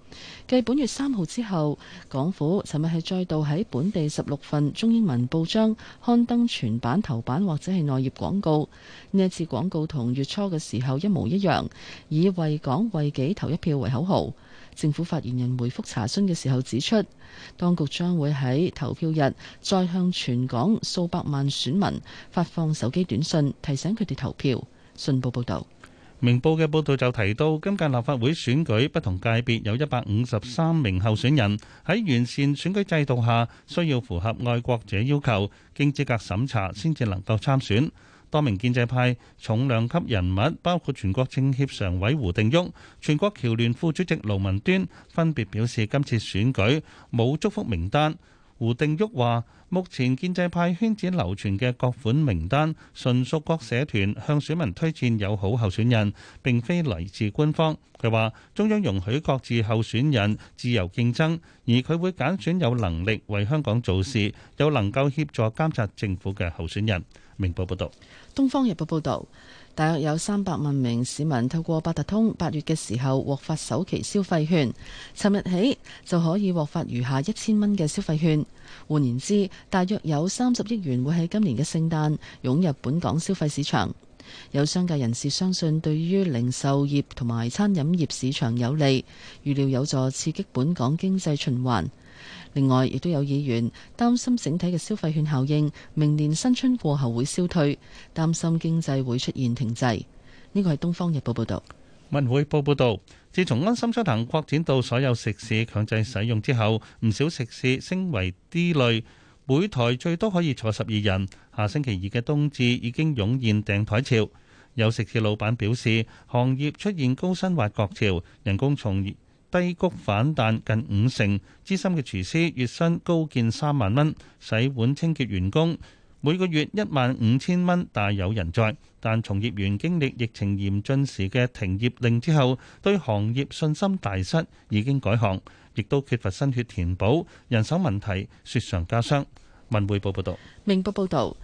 繼本月三號之後，港府尋日係再度喺本地十六份中英文報章刊登全版頭版或者係內頁廣告。呢一次廣告同月初嘅時候一模一樣，以為港為己投一票為口號。政府發言人回覆查詢嘅時候指出，當局將會喺投票日再向全港數百萬選民發放手機短信提醒佢哋投票。信報報道。明報嘅報道就提到，今屆立法會選舉不同界別有一百五十三名候選人喺完善選舉制度下，需要符合愛國者要求，經資格審查先至能夠參選。多名建制派重量級人物，包括全國政協常委胡定旭、全國僑聯副主席盧文端，分別表示今次選舉冇祝福名單。胡定旭話：目前建制派圈子流傳嘅各款名單，純屬各社團向選民推薦友好候選人，並非嚟自官方。佢話中央容許各自候選人自由競爭，而佢會揀選有能力為香港做事、又能夠協助監察政府嘅候選人。明報報道，東方日報報道。大約有三百萬名市民透過八達通，八月嘅時候獲發首期消費券，尋日起就可以獲發餘下一千蚊嘅消費券。換言之，大約有三十億元會喺今年嘅聖誕湧入本港消費市場。有商界人士相信，對於零售業同埋餐飲業市場有利，預料有助刺激本港經濟循環。另外，亦都有議員擔心整體嘅消費券效應，明年新春過後會消退，擔心經濟會出現停滯。呢個係《東方日報》報導，《文匯報》報導，自從安心出行擴展到所有食肆強制使用之後，唔少食肆升為 D 類，每台最多可以坐十二人。下星期二嘅冬至已經湧現訂台潮，有食肆老闆表示，行業出現高薪挖角潮，人工從而，低谷反彈近五成，資深嘅廚師月薪高見三萬蚊，洗碗清潔員工每個月一萬五千蚊，大有人在。但從業員經歷疫情嚴峻時嘅停業令之後，對行業信心大失，已經改行，亦都缺乏新血填補，人手問題雪上加霜。文匯報報導。明報報道。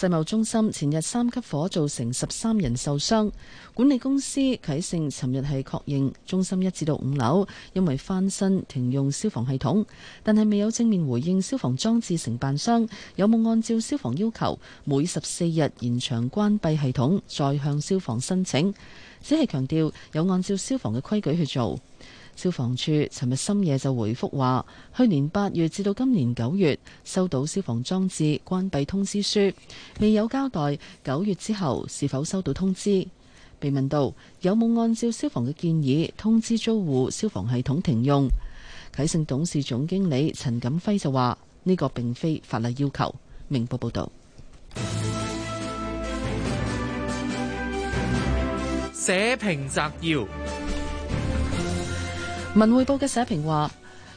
世貿中心前日三級火造成十三人受傷，管理公司啟勝尋日係確認中心一至到五樓因為翻新停用消防系統，但係未有正面回應消防裝置承辦商有冇按照消防要求每十四日延長關閉系統再向消防申請，只係強調有按照消防嘅規矩去做。消防處尋日深夜就回覆話，去年八月至到今年九月收到消防裝置關閉通知書，未有交代九月之後是否收到通知。被問到有冇按照消防嘅建議通知租戶消防系統停用，啟勝董事總經理陳錦輝就話呢、這個並非法例要求。明報報道，社評摘要。文匯報嘅社評話，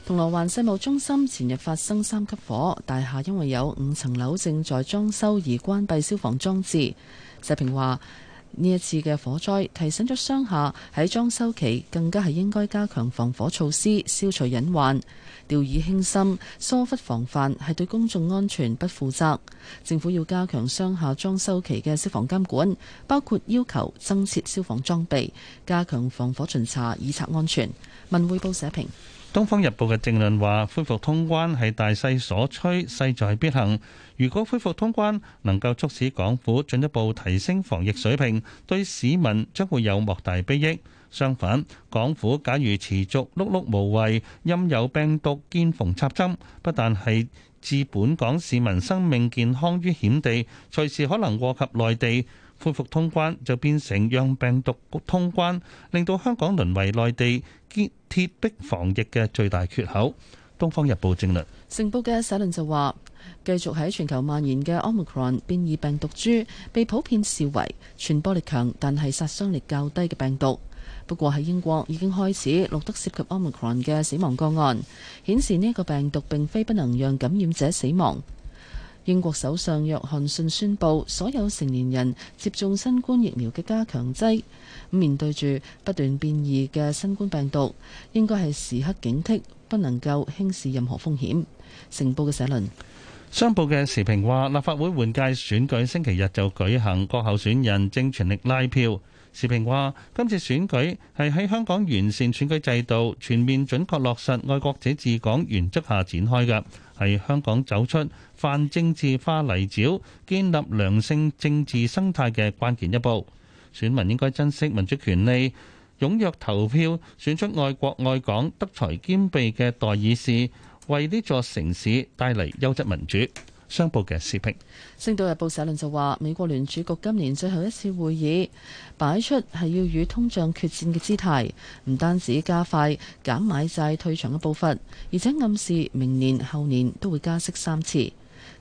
銅鑼灣世貿中心前日發生三級火，大廈因為有五層樓正在裝修而關閉消防裝置。社評話，呢一次嘅火災提醒咗商廈喺裝修期更加係應該加強防火措施，消除隱患，掉以輕心，疏忽防範係對公眾安全不負責。政府要加強商廈裝修期嘅消防監管，包括要求增設消防裝備，加強防火巡查，以策安全。文匯報社評：《東方日報》嘅政論話，恢復通關係大勢所趨，勢在必行。如果恢復通關能夠促使港府進一步提升防疫水平，對市民將會有莫大裨益。相反，港府假如持續碌碌無為，陰有病毒，見縫插針，不但係置本港市民生命健康於險地，隨時可能禍及內地。恢復通關就變成讓病毒通關，令到香港淪為內地堅鐵壁防疫嘅最大缺口。《東方日報正論》證實。成報嘅社論就話，繼續喺全球蔓延嘅 Omicron 變異病毒株，被普遍視為傳播力強，但係殺傷力較低嘅病毒。不過喺英國已經開始錄得涉及 Omicron 嘅死亡個案，顯示呢一個病毒並非不能讓感染者死亡。英國首相約翰遜宣布，所有成年人接種新冠疫苗嘅加強劑。面對住不斷變異嘅新冠病毒，應該係時刻警惕，不能夠輕視任何風險。成報嘅社論，商報嘅時評話，立法會換屆選舉星期日就舉行，各候選人正全力拉票。時評話：今次選舉係喺香港完善選舉制度、全面準確落實愛國者治港原則下展開嘅，係香港走出泛政治化泥沼、建立良性政治生態嘅關鍵一步。選民應該珍惜民主權利，踴躍投票，選出愛國愛港、德才兼備嘅代議士，為呢座城市帶嚟優質民主。商報嘅視頻，《星島日報》社論就話：美國聯儲局今年最後一次會議擺出係要與通脹決戰嘅姿態，唔單止加快減買債退場嘅步伐，而且暗示明年後年都會加息三次。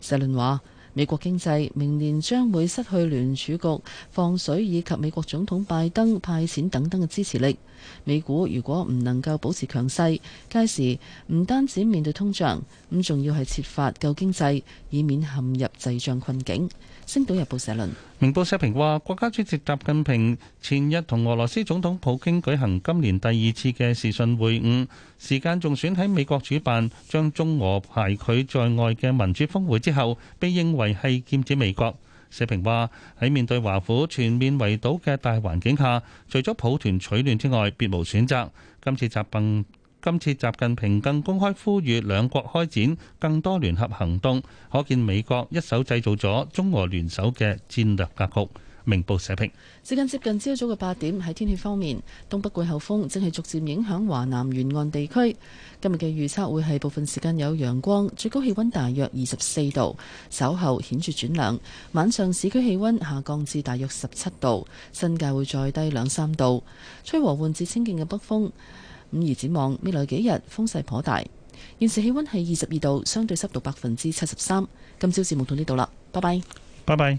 社論話，美國經濟明年將會失去聯儲局放水以及美國總統拜登派錢等等嘅支持力，美股如果唔能夠保持強勢，屆時唔單止面對通脹，咁仲要係設法救經濟，以免陷入滯脹困境。《星島日報》社論，明報社評話，國家主席習近平前日同俄羅斯總統普京舉行今年第二次嘅視訊會晤，時間仲選喺美國主辦，將中俄排拒在外嘅民主峰會之後，被認為係劍指美國。社評話喺面對華府全面圍堵嘅大環境下，除咗抱團取暖之外，別無選擇。今次集幟今次習近平更公開呼籲兩國開展更多聯合行動，可見美國一手製造咗中俄聯手嘅戰略格局。明報社評時間接近朝早嘅八點，喺天氣方面，東北季候風正係逐漸影響華南沿岸地區。今日嘅預測會係部分時間有陽光，最高氣温大約二十四度，稍後顯著轉冷。晚上市區氣温下降至大約十七度，新界會再低兩三度，吹和緩至清勁嘅北風。五二展望未來幾日風勢頗大，現時氣温係二十二度，相對濕度百分之七十三。今朝節目到呢度啦，拜拜，拜拜。